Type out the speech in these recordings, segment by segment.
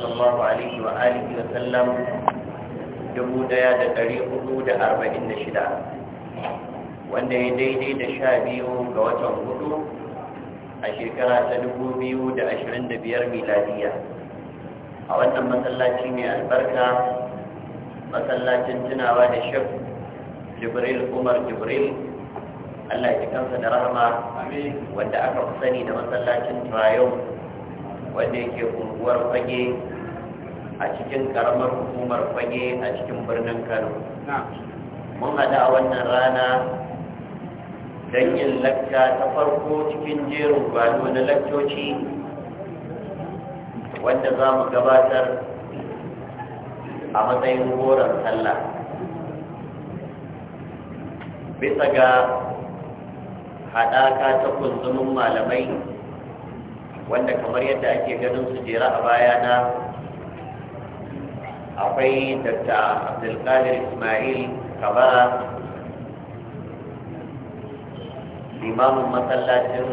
sallallahu alaihi wa alihi wa sallam dubu daya da dari hudu da arba'in da shida wanda ya daidai da sha biyu ga watan hudu a shekara ta dubu biyu da ashirin da biyar miladiya a wannan masallaci mai albarka masallacin tunawa da shaf jibril umar jibril allah ya kansa da rahama wanda aka fi sani da masallacin tuwayo wanda yake unguwar fage a cikin karamar hukumar fage a cikin birnin kano mun hada a wannan rana don yin lakka ta farko cikin jerin gwano na lakcoci wanda za mu gabatar a matsayin horon sallah bisa ga haɗaka ta kunzumin malamai wanda kamar yadda ake ganin su jera a bayana akwai dakta abdulkadir ismail kabara limamin masallacin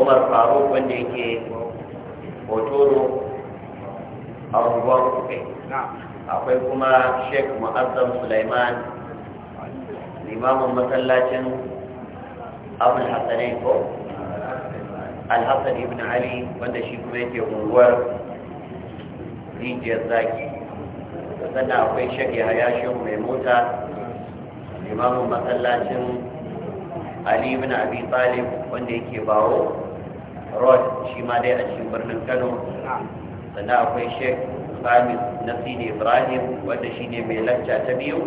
umar faruk wanda yake hotoro a unguwar kufe akwai kuma sheik mu'azzam sulaiman limamin masallacin abul hassanai ko alhassan ibn ali wanda shi kuma yake unguwar rijiyar zaki sannan akwai ya hayashin mai mota limamin masallacin ali bin abi talib wanda yake bawo rod shi ma dai a cikin birnin kano sannan akwai sheikh na nasiri ibrahim wanda shi ne mai lacca ta biyu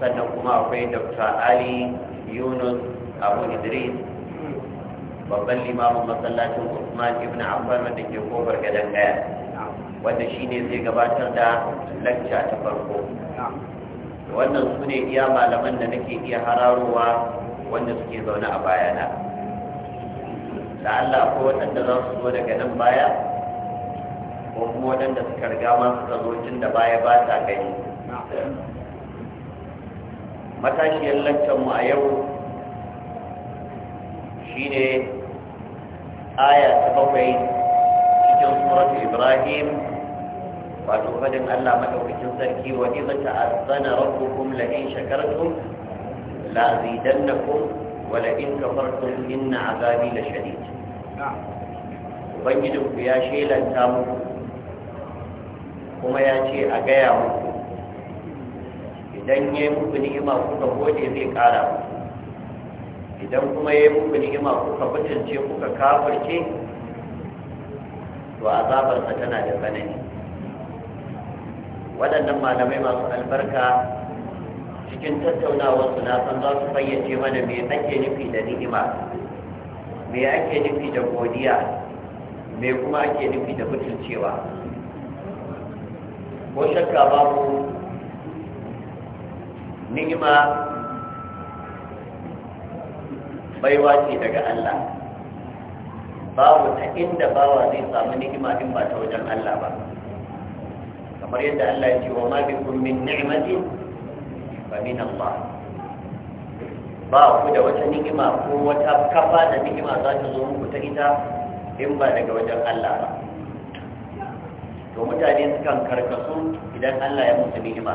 sannan kuma akwai dr ali yunus abu idris babban limamin masallacin usman ibn affan wanda ke kofar gadon gaya. wanda shi ne zai gabatar da lacca ta farko wannan su ne iya malaman da nake iya hararowa wanda suke zaune a bayana da Allah ko waɗanda za su zo daga nan baya ko kuma waɗanda suka riga ma suka tun da baya ba ta gani matashiyar laccanmu a yau shine aya ta bakwai cikin suratu ibrahim wato fadin Allah madaukakin sarki wa idza ta'azzana rabbukum la in shakartum la azidannakum wa la in kafartum inna azabi la shadid ubangijin ku ya shelanta muku kuma ya ce a gaya muku idan ya yi muku ni'ima kuka gode zai kara idan kuma ya yi muku ni'ima kuka butulce kuka kafirce to azabarsa tana da tsanani waɗannan malamai masu albarka cikin tattaunawar su na san za su fayyace mana me ake nufi da ni'ima me ake nufi da godiya me kuma ake nufi da mutuncewa ko shakka babu ni'ima baiwa ce daga Allah babu ta inda bawa zai samu ni'ima in ba ta wajen Allah ba kamar yadda Allah ya ce wa ma kummin ni'imati ba fa min Allah ba ku da wata ni'ima ko wata kafa da ni'ima za ta zo muku ta ita in ba daga wajen Allah ba to mutane sukan karkasu idan Allah ya musu ni'ima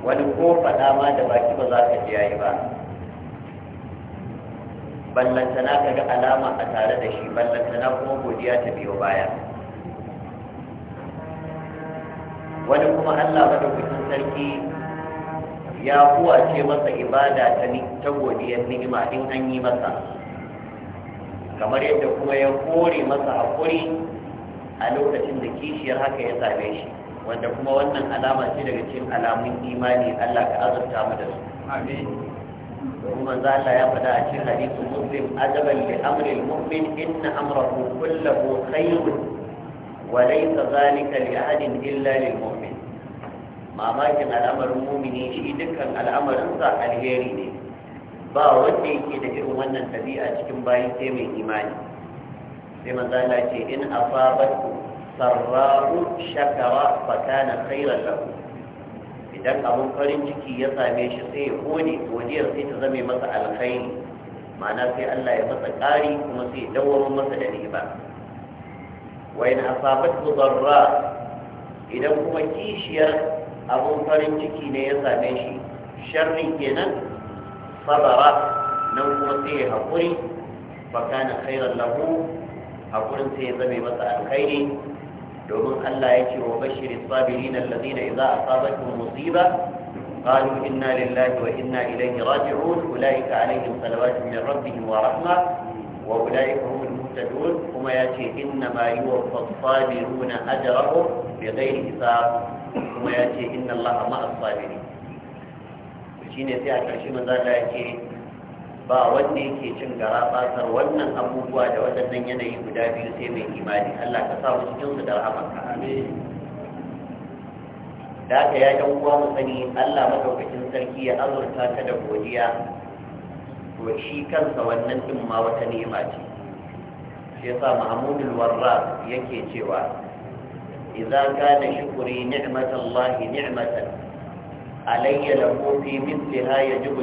wani ko faɗa ma da baki ba za ka ji yayi ba ballantana ka ga alama a tare da shi ballantana kuma godiya ta biyo baya wani kuma allah da kudin sarki ya ce masa ibada ta ta godiyar ni'ima in an yi masa kamar yadda kuma ya kore masa haƙuri a lokacin da kishiyar haka ya same shi wanda kuma wannan alama ce daga cikin alamun imani allah ka azurta mu da su kuma Allah ya faɗa a cikin hadisin muslim ajaban li amri al-mu'min inna amrahu kulluhu khairun wa laysa zalika li ahadin illa lil mu'min mamakin al'amarin mumini shi dukkan al'amarinsa alheri ne ba wanda yake da irin wannan tabi'a cikin bayi sai mai imani sai manzo Allah ce in afabat sarra'u shakara fa kana khairan lahu idan abun farin ciki ya same shi sai ya kone godiyar sai ta zame masa alkhairi ma'ana sai Allah ya masa ƙari kuma sai ya dawwamo masa da ni'ima wa in asabatu darra idan kuma kishiyar abun farin ciki ne ya same shi sharri kenan sabara nan kuma sai ya haƙuri fa kana khairan lahu haƙurin sai ya zame masa alkhairi domin Allah ya ce wa bashiri sabirin allazina idza asabatuhum musiba قالوا إنا لله وإنا إليه راجعون أولئك عليهم صلوات من ربهم ورحمة وأولئك هم المهتدون كما يأتي إنما يوفى الصابرون أجرهم بغير حساب كما يأتي إن الله مع الصابرين shine sai a ƙarshe manzo Allah ya ce ba wanda yake cin gara basar wannan abubuwa da waɗannan yanayi guda biyu sai mai imani Allah ka sa mu cikin su da rahamarka da ka ya uwa mu sani Allah madaukakin sarki ya azurta ka da godiya to shi kansa wannan din ma wata ni'ima ce shi yasa Mahmudul Warra yake cewa إذا كان شكري نعمة الله نعمة علي له في مثلها يجب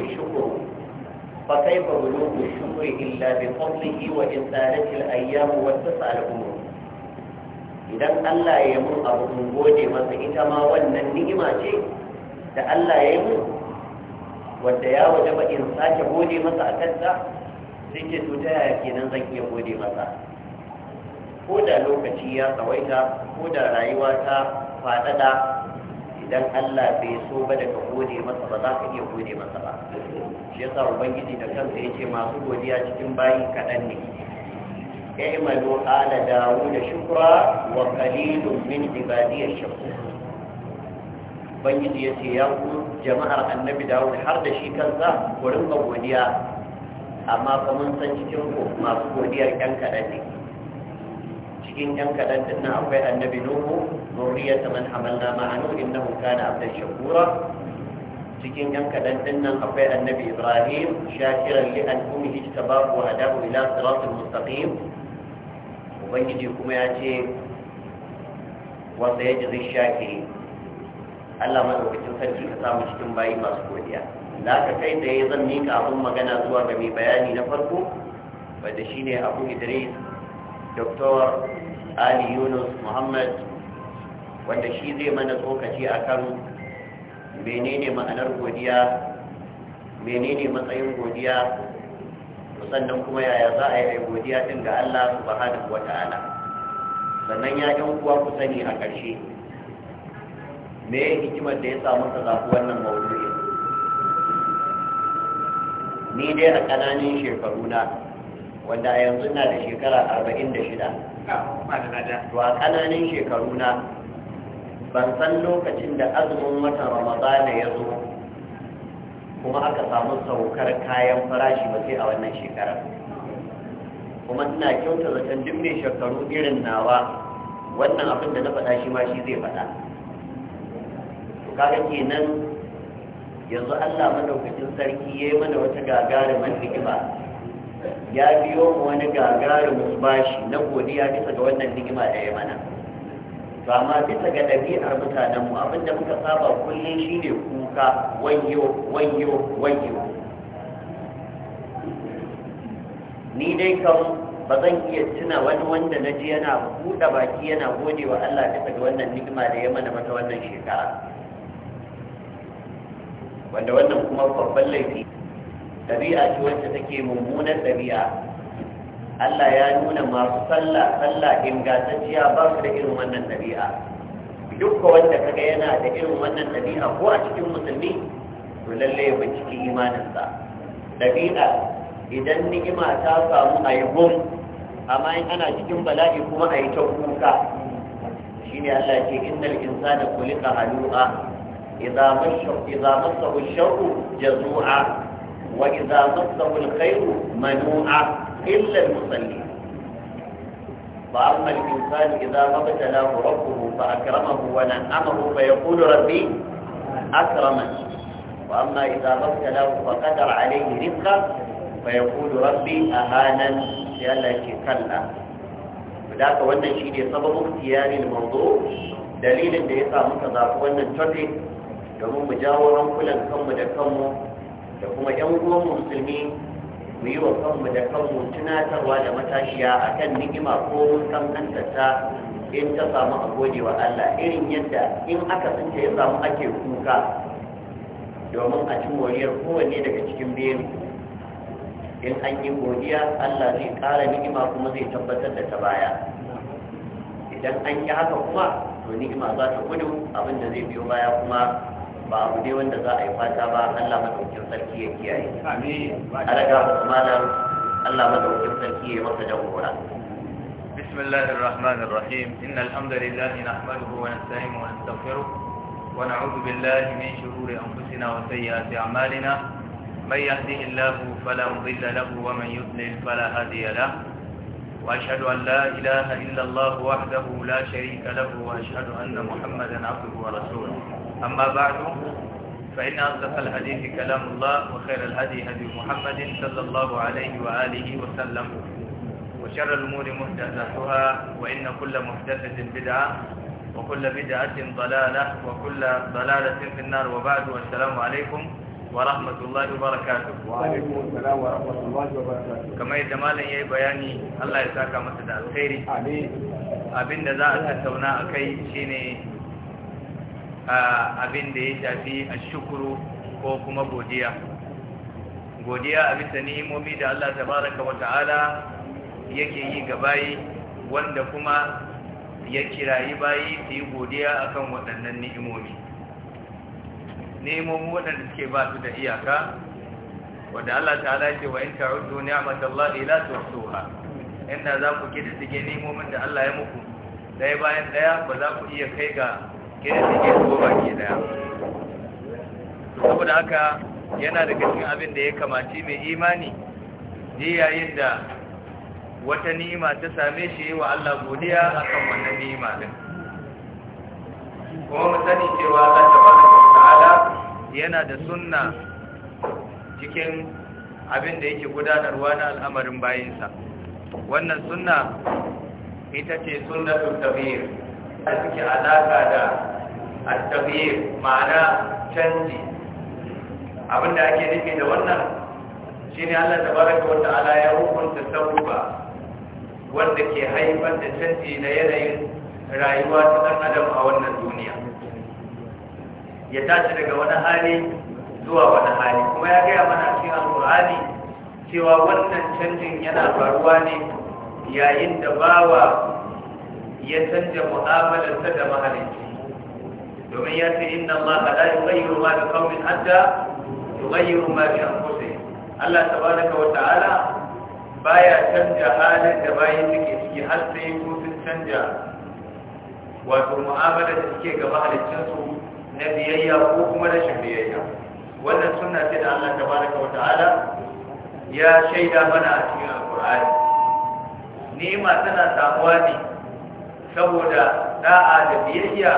فكيف بلوغ الشكر إلا بفضله وإن طالت الأيام واتسع الأمور idan Allah ya mun abu mun gode masa ita ma wannan ni'ima ce da Allah ya yi mun wanda ya waje ba in sake gode masa a kanta sai ce to ta yaya kenan zan iya gode masa ko da lokaci ya tsawaita ko da rayuwa ta faɗaɗa idan Allah bai so ba daga gode masa ba za ka iya gode masa ba shi yasa ubangiji da kansa ce masu godiya cikin bayi kaɗan ne i'malu ala dawud shukra wa qalilun min ibadiy shakur ubangiji ce ya ku jama'ar annabi dawud har da shi kansa ku rinka godiya amma fa mun san cikin ku masu godiyar ɗan kaɗan ne cikin ɗan kaɗan din akwai annabi nuhu zurriyatan man hamalna ma'anu innahu kana abdan shakura cikin yan kaɗan ɗin nan akwai annabi ibrahim shakiran li an kuma hijta ba ku hadahu ila siratul mustaqim ubangiji kuma ya ce wanda ya jizi shakiri allah maɗaukacin sarki ka samu cikin bayi masu godiya da aka kai da ya zan miƙa abin magana zuwa ga mai bayani na farko wadda ne abu idris dr ali yunus muhammad wanda shi zai mana tsokaci akan menene ma'anar godiya menene matsayin godiya sannan kuma yaya za a yi godiya din ga Allah subhanahu ta'ala sannan ya yan kuwa ku sani a ƙarshe me ya hikimar da ya samu ka zafi wannan maudu'in ni dai a ƙananin shekaru na wanda a yanzu na da shekara arba'in da shida to a ƙananin shekaru na ban san lokacin da azumin watan ramadana ya zo kuma aka samu saukar kayan farashi ba sai a wannan shekarar kuma ina kyauta zaton duk mai shekaru irin nawa wannan abin da na faɗa shi ma shi zai faɗa to kaga kenan yanzu Allah madaukakin sarki yayi mana wata gagarumin ni'ima ya biyo mu wani gagarumin bashi na godiya bisa ga wannan nigima da ya mana ba ma bisa ga ɗabi'ar mutanenmu abinda muka saba kullum ne kuka wayo wayo wayo ni dai kan ba zan iya tuna wani wanda na ji yana buɗe baki yana gode wa Allah bisa ga wannan ni'ima da ya mana mata wannan shekara wanda wannan kuma babban laifi ɗabi'a ce wacce take mummunar ɗabi'a Allah ya nuna masu sallah sallah ingantacciya ba su da irin wannan ɗabi'a duk wanda kaga yana da irin wannan ɗabi'a ko a cikin musulmi to lalle ya binciki imaninsa ɗabi'a idan ni'ima ta samu a yi gum amma in ana cikin bala'i kuma a yi ta kuka shine Allah ce innal insana khuliqa halu'a idza mashahu idza massahu ash-sharru jazu'a wa idza massahu al-khayru manu'a إلا المصلين فأما الإنسان إذا ما بتلاه ربه فأكرمه ونعمه فيقول ربي أكرمني وأما إذا ما بتلاه فقدر عليه رزقا فيقول ربي أهانا يلا كلا ذاك wannan shine sababu tiyarin mawdu dalilin da ya yasa muka zafi wannan topic domin mu jawo rankulan kanmu da kanmu da kuma yan uwan musulmi mu yi wa kanmu da kanmu tunatarwa da matashiya akan ni'ima ko mun kankanta ta in ta samu a gode wa Allah irin yadda in aka tsinta ya samu ake kuka domin a cin moriyar kowanne daga cikin biyu in an yi godiya Allah zai ƙara ni'ima kuma zai tabbatar da ta baya idan an yi haka kuma to ni'ima za ta gudu abinda zai biyo baya kuma ba abu ne wanda za a yi fata ba Allah madaukin sarki ya kiyaye ala ga malam Allah madaukin sarki ya masa jagora بسم الله الرحمن الرحيم إن الحمد لله نحمده ونستعينه ونستغفره ونعوذ بالله من شرور أنفسنا وسيئات أعمالنا من يهده الله فلا مضل له ومن يضلل فلا هادي له وأشهد أن لا إله إلا الله وحده لا شريك له وأشهد أن محمدا عبده ورسوله أما بعد فإن أصدق الحديث كلام الله وخير الهدي هدي محمد صلى الله عليه وآله وسلم وشر الأمور محدثاتها وإن كل محدثة بدعة وكل بدعة ضلالة وكل ضلالة في النار وبعد والسلام عليكم ورحمة الله وبركاته وعليكم السلام ورحمة الله وبركاته كما يتمالا يا بياني الله يساك مسجد الخير أبين ذا أتتونا أكي شيني abin da ya shafi shukuru ko kuma godiya godiya a bisa ni'imomi da Allah tabaraka wa ta'ala yake yi ga bayi wanda kuma ya kirayi bayi su yi godiya akan waɗannan ni'imomi ni'imomi waɗanda suke ba su da iyaka wanda Allah ta'ala ce wa in ta'uddu ni'matallahi la tuhsuha inda za ku kididdige ni'imomin da Allah ya muku ɗaya bayan ɗaya ba za ku iya kai ga kenan sai ke baki daya saboda haka yana daga cikin abin da ya kamaci mai imani ne yayin da wata ni'ima ta same shi wa Allah godiya akan wannan ni'ima din kuma mu sani cewa Allah tabaraka ta'ala yana da sunna cikin abin da yake gudanarwa na al'amarin bayinsa wannan sunna ita ce sunnatul tabir a suke alaka da at-taghyir ma'ana canji abinda ake nufi da wannan shine Allah tabaraka wata ala ya hukunta sabuwa wanda ke haifar da canji na yanayin rayuwa ta ɗan adam a wannan duniya ya tashi daga wani hali zuwa wani hali kuma ya gaya mana cikin alƙur'ani cewa wannan canjin yana faruwa ne yayin da bawa ya canja mu'amalarsa da mahalicci domin ya ce inna Allah la yughayyiru ma bi qaumin hatta yughayyiru ma bi anfusihim Allah tabaraka wa ta'ala baya canja halin da bayan suke ciki har sai ko sun canja wato mu'amala da suke ga mahaliccinsu na biyayya ko kuma rashin biyayya wannan sunna ce da Allah tabaraka wa ta'ala ya shaida mana a cikin alqur'ani ni'ima tana samuwa ne saboda da'a da biyayya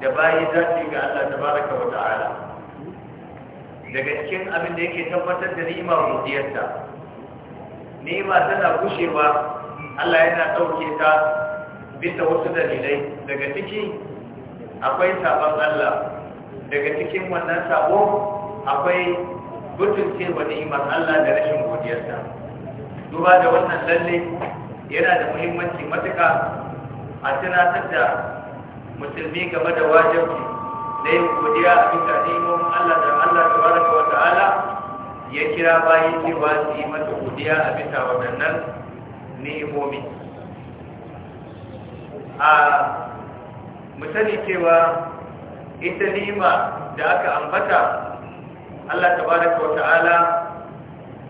da bayi za su yi ga Allah tabaraka wa ta'ala daga cikin abin da yake tabbatar da ni'ima godiyarta ni'ima tana gushewa Allah yana ɗauke ta bisa wasu dalilai daga ciki akwai sabon Allah daga cikin wannan sabo akwai butulce wa ni'imar Allah da rashin godiyarta duba da wannan lalle yana da muhimmanci matuka a tunatar da musulmi game da wajibi na yin godiya a bisa nemomin Allah da Allah da wa ta'ala ya kira bayan cewa su yi mata godiya a bisa waɗannan nemomi. a musani cewa ita ni'ima da aka ambata Allah tabaraka wa ta'ala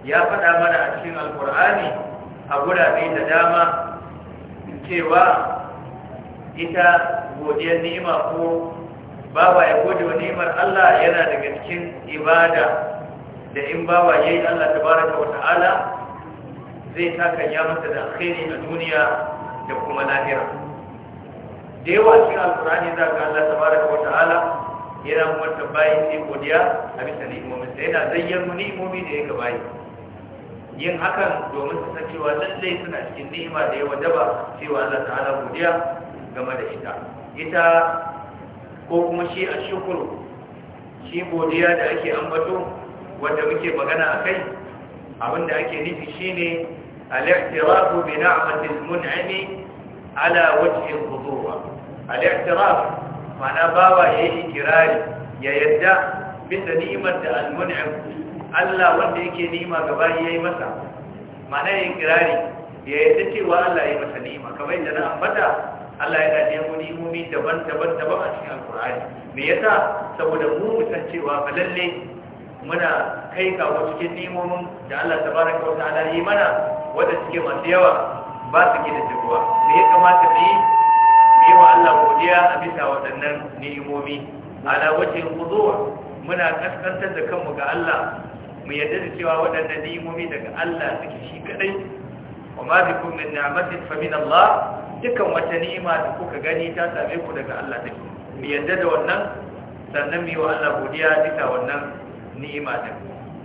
ya faɗa mana a cikin alkur'ani a gurabe da dama cewa ita godiyar ni'ima ko bawa ya gode wa ni'imar Allah yana daga cikin ibada da in bawa yayi Allah tabaraka wa ta'ala zai taka ya mata da alkhairi a duniya da kuma lahira da yawa cikin alkurani za ga Allah tabaraka wa ta'ala yana kuma tabbayin sai godiya a bisa ni'imomin sai yana mu ni'imomi da ya gabayi yin hakan domin su san cewa lallai suna cikin ni'ima da ya wajaba cewa Allah ta'ala godiya game da ita ita ko kuma shi a shukuru shi godiya da ake ambato wanda muke magana a kai abinda ake nufi shi ne al'i'tirafu bi na'matil mun'ami ala wajen al al'aktirafu mana bawa ya yi kirari ya yadda bisa ni'imar da al Allah wanda yake ni'ima gaba yi masa mana ya yi kirari ya yadda cewa Allah yi masa ni'ima kamar yadda na ambata Allah yana nemo nimomi daban-daban daban a cikin alkur'ani me yasa saboda mu musan cewa fa lalle muna kai kawo cikin nimomin da Allah tabaraka wa ta'ala yi mana wanda suke masu yawa ba su gida tabuwa me ya kamata mu yi mu yi wa Allah godiya a bisa waɗannan ni'imomi ala wajhin qudur muna kaskantar da kanmu ga Allah mu yarda da cewa waɗannan ni'imomi daga Allah suke shi kadai wa ma bikum min ni'matin fa min Allah dukan wata ni'ima da kuka gani ta same ku daga Allah ta mu yadda da wannan sannan mu wa Allah godiya duka wannan ni'ima din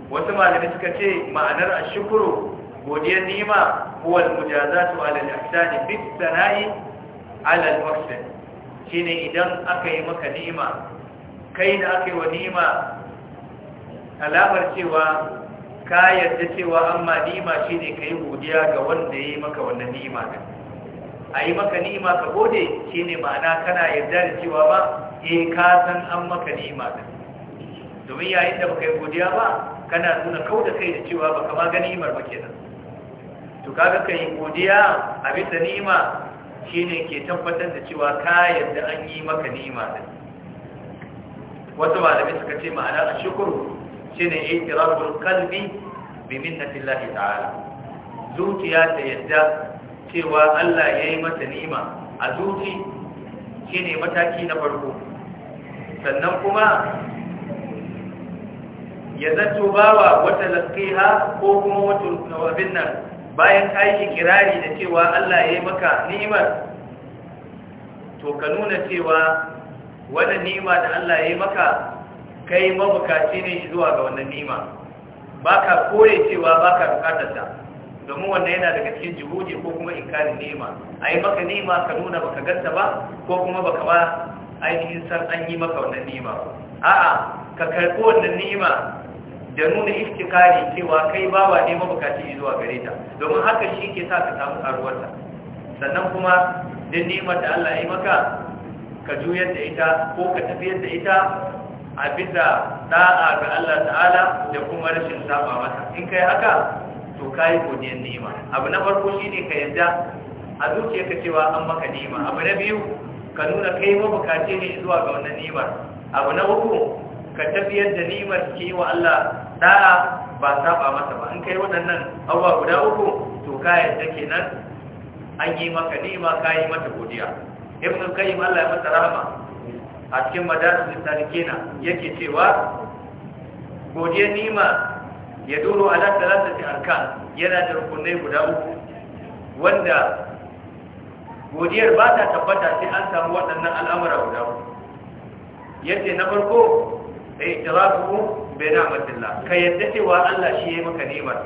wasu malami suka ce ma'anar ashkuru godiyar ni'ima huwa al-mujazatu ala al-ihsani bi sana'i ala al-muhsin shine idan aka yi maka ni'ima kai da aka yi wa ni'ima alamar cewa ka yarda cewa amma ni'ima shine kai godiya ga wanda ya yi maka wannan ni'ima din a yi maka ni'ima ka gode shine ma'ana kana yarda da cewa ba eh ka san an maka ni'ima ka domin yayin da baka yi godiya ba kana nuna kauda kai da cewa ba kama ga ni'imar ba kenan to kaga kai godiya a bisa ni'ima shine ke tabbatar da cewa ka yadda an yi maka ni'ima ka wasu malami suka ce ma'ana a ashkuru shine itiraful qalbi bi minnatillahi ta'ala zuciya ta yadda cewa Allah ya yi mata nima a zuci shi ne mataki na farko sannan kuma ya zato bawa wata laskiha ko kuma wata abin nan bayan ka yi kirari da cewa Allah ya yi maka nimar to ka nuna cewa wannan nima da Allah ya yi maka kai mabukaci ne zuwa ga wannan nima ba ka koye cewa ba ka bukatarta domin wannan yana daga cikin juhudi ko kuma inkarin nema a yi maka nema ka nuna baka ganta ba ko kuma baka ba ainihin san an yi maka wannan nema a'a ka karɓi wannan nema da nuna iftikari cewa kai bawa ne bukati zuwa gare ta domin haka shi ke sa ka samu karuwarta sannan kuma da nema da Allah ya yi maka ka juyar da ita ko ka tafiyar da ita a bisa da'a ga Allah ta'ala da kuma rashin saba masa in kai haka to kayi godiyar ni'ima abu na farko shine ka yadda a zuciya ka cewa an maka ni'ima abu na biyu ka nuna kai mabukaci ne zuwa ga wannan ni'imar abu na uku ka tafiyar da ni'imar ki wa Allah da ba saba masa ba in kai waɗannan abubuwa guda uku to ka yadda kenan an yi maka ni'ima ka yi mata godiya ibn qayyim Allah ya masa rahama a cikin madaris tarikina yake cewa godiyar ni'ima ya duro ala talatati arkan yana da rukunai guda uku wanda godiyar ba ta tabbata sai an samu waɗannan al'amura guda uku Yadda na farko ihtirafu bi ni'matillah ka yadda cewa Allah shi ya maka nemar.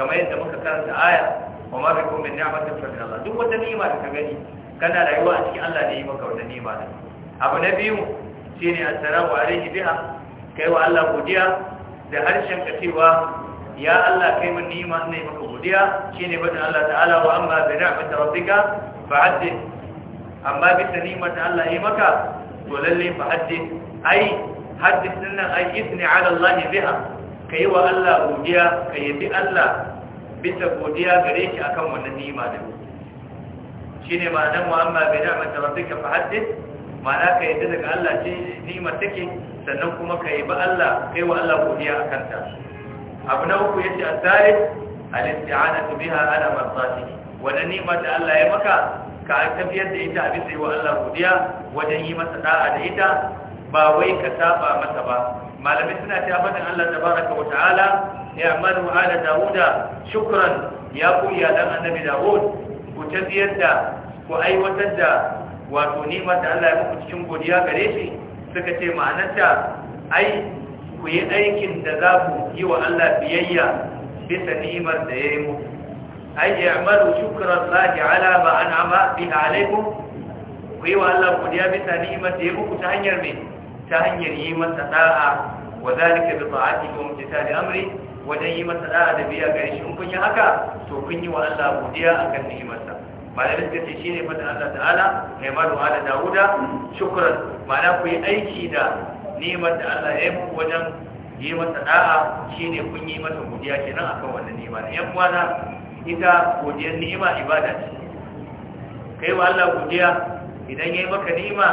kamar yadda muka karanta aya wa ma bikum min ni'matin Allah duk wata ni'ima da ka gani kana rayuwa a cikin Allah ne ya maka wata ni'ima abu na biyu shine assalamu alaihi biha kai wa Allah godiya da harshen ka cewa ya Allah kai mun ni'ima ne maka godiya shine bada Allah ta'ala wa amma bi ni'mati rabbika fa'addin amma bi ni'mati Allah yi maka to lalle fa'addin ai haddith nan ai isni ala Allah biha kai wa Allah godiya kai yabi Allah bisa godiya gare shi akan wannan ni'ima din shine ma'anar wa amma bi ni'mati rabbika fa'addin ma'ana kai daga Allah ce ni'imar take sannan kuma ka yi ba Allah kai wa Allah godiya a kanta abu na uku yace at-thalith al-isti'anatu biha ala marzatihi wanda nima da Allah ya maka ka tafiyar da ita abin da wa Allah godiya wajen yi masa da'a da ita ba wai ka saba masa ba malamai suna ta faɗin Allah baraka wa ta'ala ya'malu ala Dawuda shukran ya ku ya dan annabi Dawud ku tafiyar da ku aiwatar da wato nima da Allah ya maku cikin godiya gare shi suka ce ma'anarta ai ku yi aikin da za ku yi wa Allah biyayya bisa ni'imar da ya yi muku ai ya ya'malu shukran lahi ala ma an'ama bi alaikum ku yi wa Allah godiya bisa ni'imar da ya muku ta hanyar me ta hanyar yi masa da'a wa zalika bi ta'ati wa imtithali amri wajen yi masa da'a da biya gare shi in kun yi haka to kun yi wa Allah godiya akan ni'imarsa malamai suka ce ne fadin Allah ta'ala mai malu ala Dawuda shukran ma'ana ku yi aiki da neman da Allah ya yi muku wajen yi masa da'a ne kun yi masa godiya ke nan akan wannan nema da yan uwana ita godiyar nema ibada ce kai wa Allah godiya idan ya yi maka nema,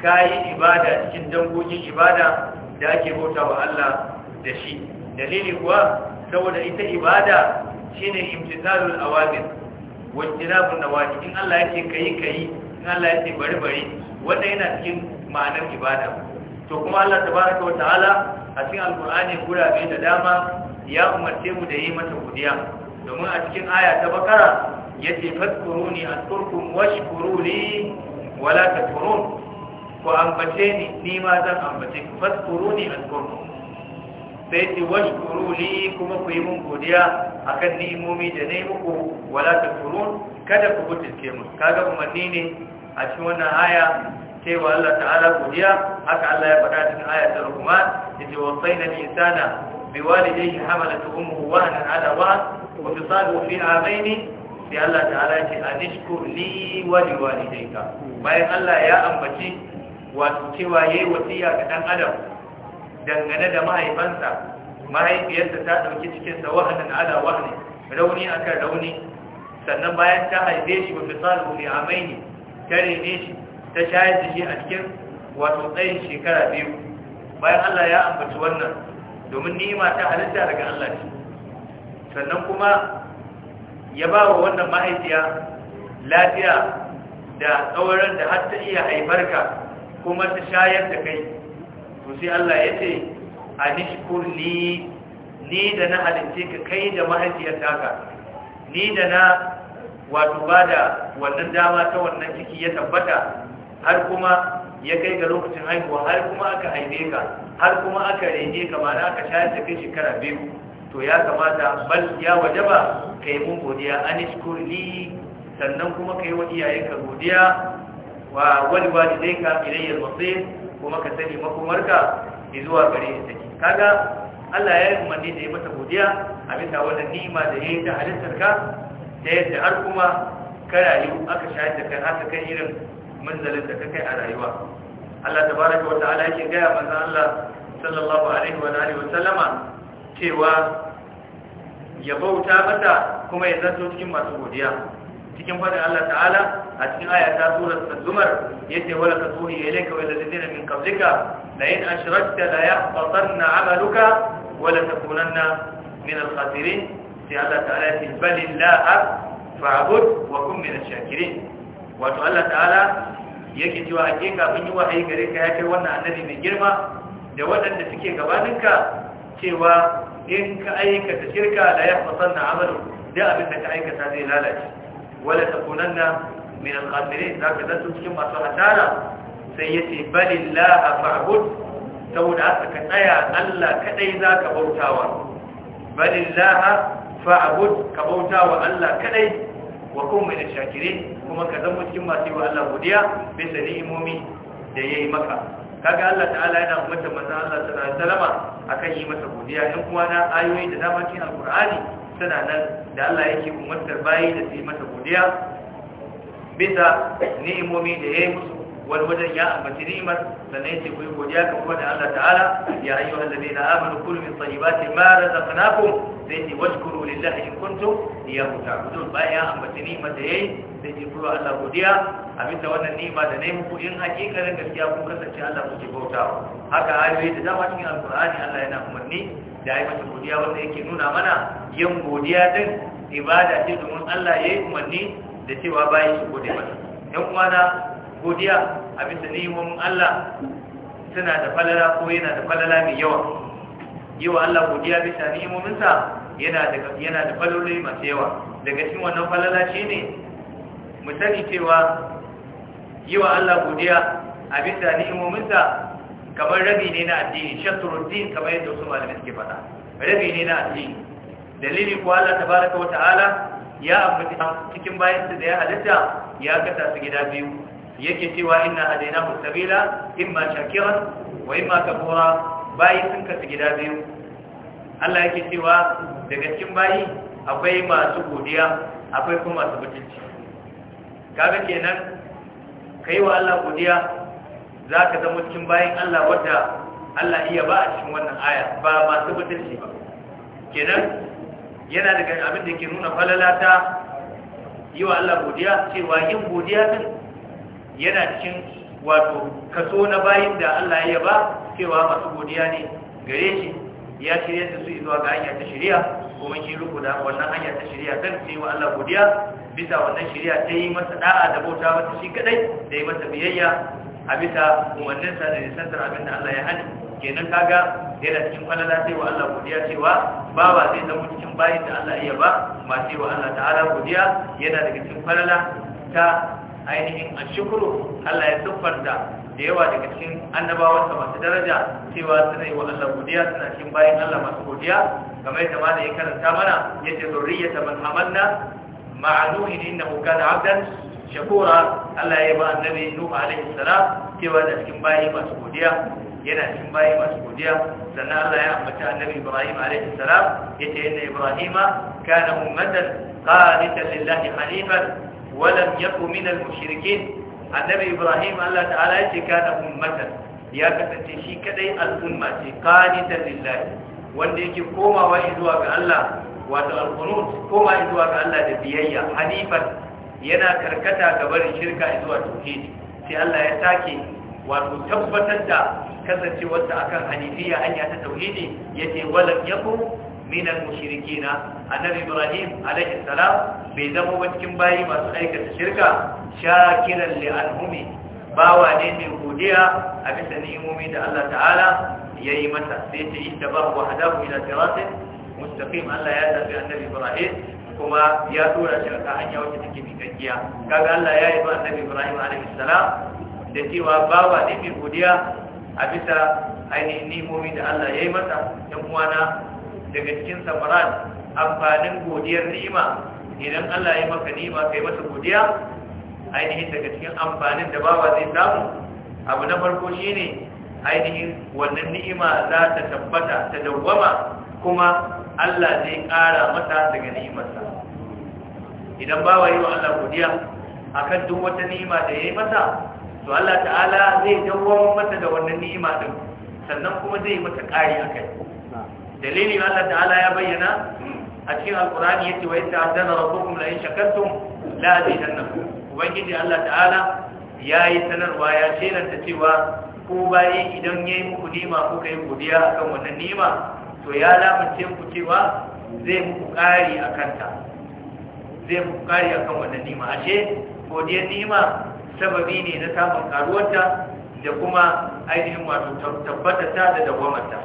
ka yi ibada cikin dangogin ibada da ake bauta wa Allah da shi dalili kuwa saboda ita ibada shine imtisalul awamir wajtinabun wani in Allah yake kai kai in Allah yake bari bari wanda yana cikin ma'anar ibada to kuma Allah tabaraka wa ta'ala a cikin alqur'ani biyu da dama ya umarce mu da yi mata godiya domin a cikin aya ta bakara yace fadkuruni azkurkum washkuruli wala takfurun ku ambace ni ni ma zan ambace fadkuruni azkurkum sai ce washkuru li kuma ku yi mun godiya akan ni'imomi da nayi muku wala takfurun kada ku butulce mu kaga umarni ne a cikin wannan aya cewa Allah ta'ala godiya haka Allah ya faɗa cikin aya ta Rahman yace wasaina al-insana biwalidayhi hamalatu ummuhu wahnan ala wahn wa Ku fi amaini sai Allah ta'ala ce ni wani wa ka. bayan Allah ya ambaci wato cewa yayi wasiya ga dan adam dangane da mahaifansa mahaifiyarsa ta ɗauki cikinsa wahanin ala ne rauni akan rauni sannan bayan ta haife shi wa misalu fi amaini ta rene shi ta shayar da shi a cikin wato tsayin shekara biyu bayan Allah ya ambaci wannan domin nima ta halitta daga Allah ce sannan kuma ya ba wa wannan mahaifiya lafiya da tsawon da har ta iya haifarka kuma ta shayar da kai to sai Allah ya ce anishkur li ni da na halince ka kai da mahaifiyar taka ni da na wato bada wannan dama ta wannan ciki ya tabbata har kuma ya kai ga lokacin haihuwa har kuma aka haife ka har kuma aka rene ka mana aka shayar da kai shekara biyu to ya kamata bal ya wajaba ka yi mun godiya anishkur li sannan kuma ka yi wa iyayenka godiya wa wani walidai ka ilayyar masir kuma ka sani makomarka zuwa gare da take kaga Allah ya yi umarni da ya mata godiya a bisa wannan nima da ya yi ta halittar ka da yadda har kuma ka rayu aka shayar da kai haka kai irin manzalin da ka kai a rayuwa Allah tabaraka ka wata alaƙi gaya manzon Allah sallallahu alaihi wa alihi wa sallama cewa ya bauta mata kuma ya zato cikin masu godiya cikin fadin Allah ta'ala a cikin aya ta surar zumar yace wala tasuri ilayka wal ladina min da qablika la in ashrakta la yahbatanna 'amaluka wala takunanna min al-khasirin sai Allah ta'ala yace balillaha fa'bud wa kun min ash-shakirin wato Allah ta'ala ya yake cewa hakika mun yi wahayi gare ka ya kai wannan annabi mai girma da waɗanda suke gabaninka cewa in ka aikata shirka la na 'amaluka da abin da ka aikata zai lalace wala takunanna min al-khasirin zaka zanto cikin masu hasara sai yace balillaha fa'bud saboda haka ka tsaya Allah kadai zaka bautawa balillaha fa'bud ka bautawa Allah kadai wa kun mai shakirin kuma ka zama cikin masu yi wa Allah godiya bisa ni'imomi da ya yi maka kaga Allah ta'ala yana umarta manzon Allah sallallahu alaihi wasallam akan yi masa godiya in kuma na ayoyi da dama cikin alqur'ani suna nan da Allah yake umartar bayi da su yi masa godiya bisa ni'imomi da ya yi musu wani wajen ya ambaci ni'imar sannan yake ku yi godiya ga kuma da Allah ta'ala ya ayyu na amanu kulu min tayyibati ma razaqnakum sai ce washkuru lillahi in kuntum iyyahu ta'budun bayan ya ambaci ni'imar da yayi sai ce ku Allah godiya a bisa wannan ni'ima da yi muku in hakikanin gaskiya kun kasance Allah kuke bautawa haka ayoyi da dama cikin alqur'ani Allah yana umarni da ya mata godiya wanda yake nuna mana yin godiya din ibada ce domin Allah ya yi umarni da cewa bayan shi gode mata yan uwana godiya a bisa neman Allah suna da falala ko yana da falala mai yawa yi wa Allah godiya bisa nemominsa yana da yana da masu yawa daga cikin wannan falala shi ne mu sani cewa yi wa Allah godiya a bisa nemominsa kamar rabi ne na addini shatruddin kamar yadda wasu malami suke faɗa rabi ne na addini dalili ko Allah tabaraka wa ta'ala ya ambaci cikin su da ya halitta ya kasa su gida biyu yake cewa inna hadainahu sabila imma shakiran wa imma kafura bayi sun kasa gida biyu Allah yake cewa daga cikin bayi akwai masu godiya akwai kuma masu mutunci kaga kenan kai wa Allah godiya za ka zama cikin bayan Allah wadda Allah iya ba a cikin wannan aya ba masu mutunci ba kenan yana daga abin da ke nuna falala ta yi wa Allah godiya cewa yin godiya din yana cikin wato kaso na bayan da Allah iya ba cewa masu godiya ne gare shi ya shirya da su zuwa ga hanya ta shirya kuma shi ruku da wannan hanya ta shirya don su wa Allah godiya bisa wannan shirya ta yi masa da'a da bauta masa shi kadai da yi masa biyayya a umarnin sa da nisantar abin da Allah ya hana kenan kaga yana cikin falala sai wa Allah godiya cewa ba zai zama cikin bayin da Allah iya ba ma cewa wa Allah ta'ala godiya yana daga cikin falala ta ainihin shukuru Allah ya siffarta da yawa daga cikin ta masu daraja cewa suna yi wa Allah godiya suna cikin bayan Allah masu godiya game da ma da ya karanta mana ya ce zurriya ta man amanna ma'anuhin inna hukana abdan shakura Allah ya ba annabi Nuhu alaihi salam cewa da cikin bayi masu godiya yana cikin bayi masu godiya sannan Allah ya ambata annabi Ibrahim alaihi salam yace inna Ibrahima kana ummatan qanitan lillahi hanifan wa lam yakun minal mushrikeen annabi Ibrahim Allah ta'ala yace kana ummatan ya kasance shi kadai al'umma ce qanitan lillahi wanda yake komawa zuwa ga Allah wato al-qunut komawa zuwa ga Allah da biyayya hanifan yana karkata ga barin shirka zuwa tauhidi sai Allah ya sake wato tabbatar da kasancewarsa akan hanifiya hanya ta tauhidi yace walam yakun min al-mushrikina annabi Ibrahim alaihi salam bai zama ba cikin bayi masu aikata shirka shakiran li anhumi bawa ne mai godiya a bisa ni'imomi da Allah ta'ala yayi mata sai ta yi tabahu wa hadahu ila siratin mustaqim Allah ya tafi annabi Ibrahim kuma ya dora shi akan hanya wacce take mikakkiya kaga Allah ya yi ba annabi Ibrahim alaihi salam da cewa Baba ne mai godiya a bisa ainihin nimomi da Allah ya yi masa ɗan uwana daga cikin samaran amfanin godiyar ni'ima idan Allah ya yi maka ni'ima kai masa godiya ainihin daga cikin amfanin da bawa zai samu abu na farko shine ainihin wannan ni'ima za ta tabbata ta dawwama kuma Allah zai ƙara mata daga ni'imarsa idan ba wa yi wa Allah godiya akan duk wata ni'ima da ya yi mata to Allah ta'ala zai dawo mata da wannan ni'ima din sannan kuma zai mata ƙari akai dalilin Allah ta'ala ya bayyana a cikin alkurani yace wa inna azana rabbukum la in shakartum la azidannakum ubangiji Allah ta'ala yayi sanarwa ya ta cewa ko bayan idan yayi muku ni'ima kuka yi godiya akan wannan ni'ima to ya lamunce ku cewa zai muku kari a kanta zai muku kari a kan wannan nima ashe godiyar nima sababi ne na samun karuwarta da kuma ainihin wato tabbata da dawamarta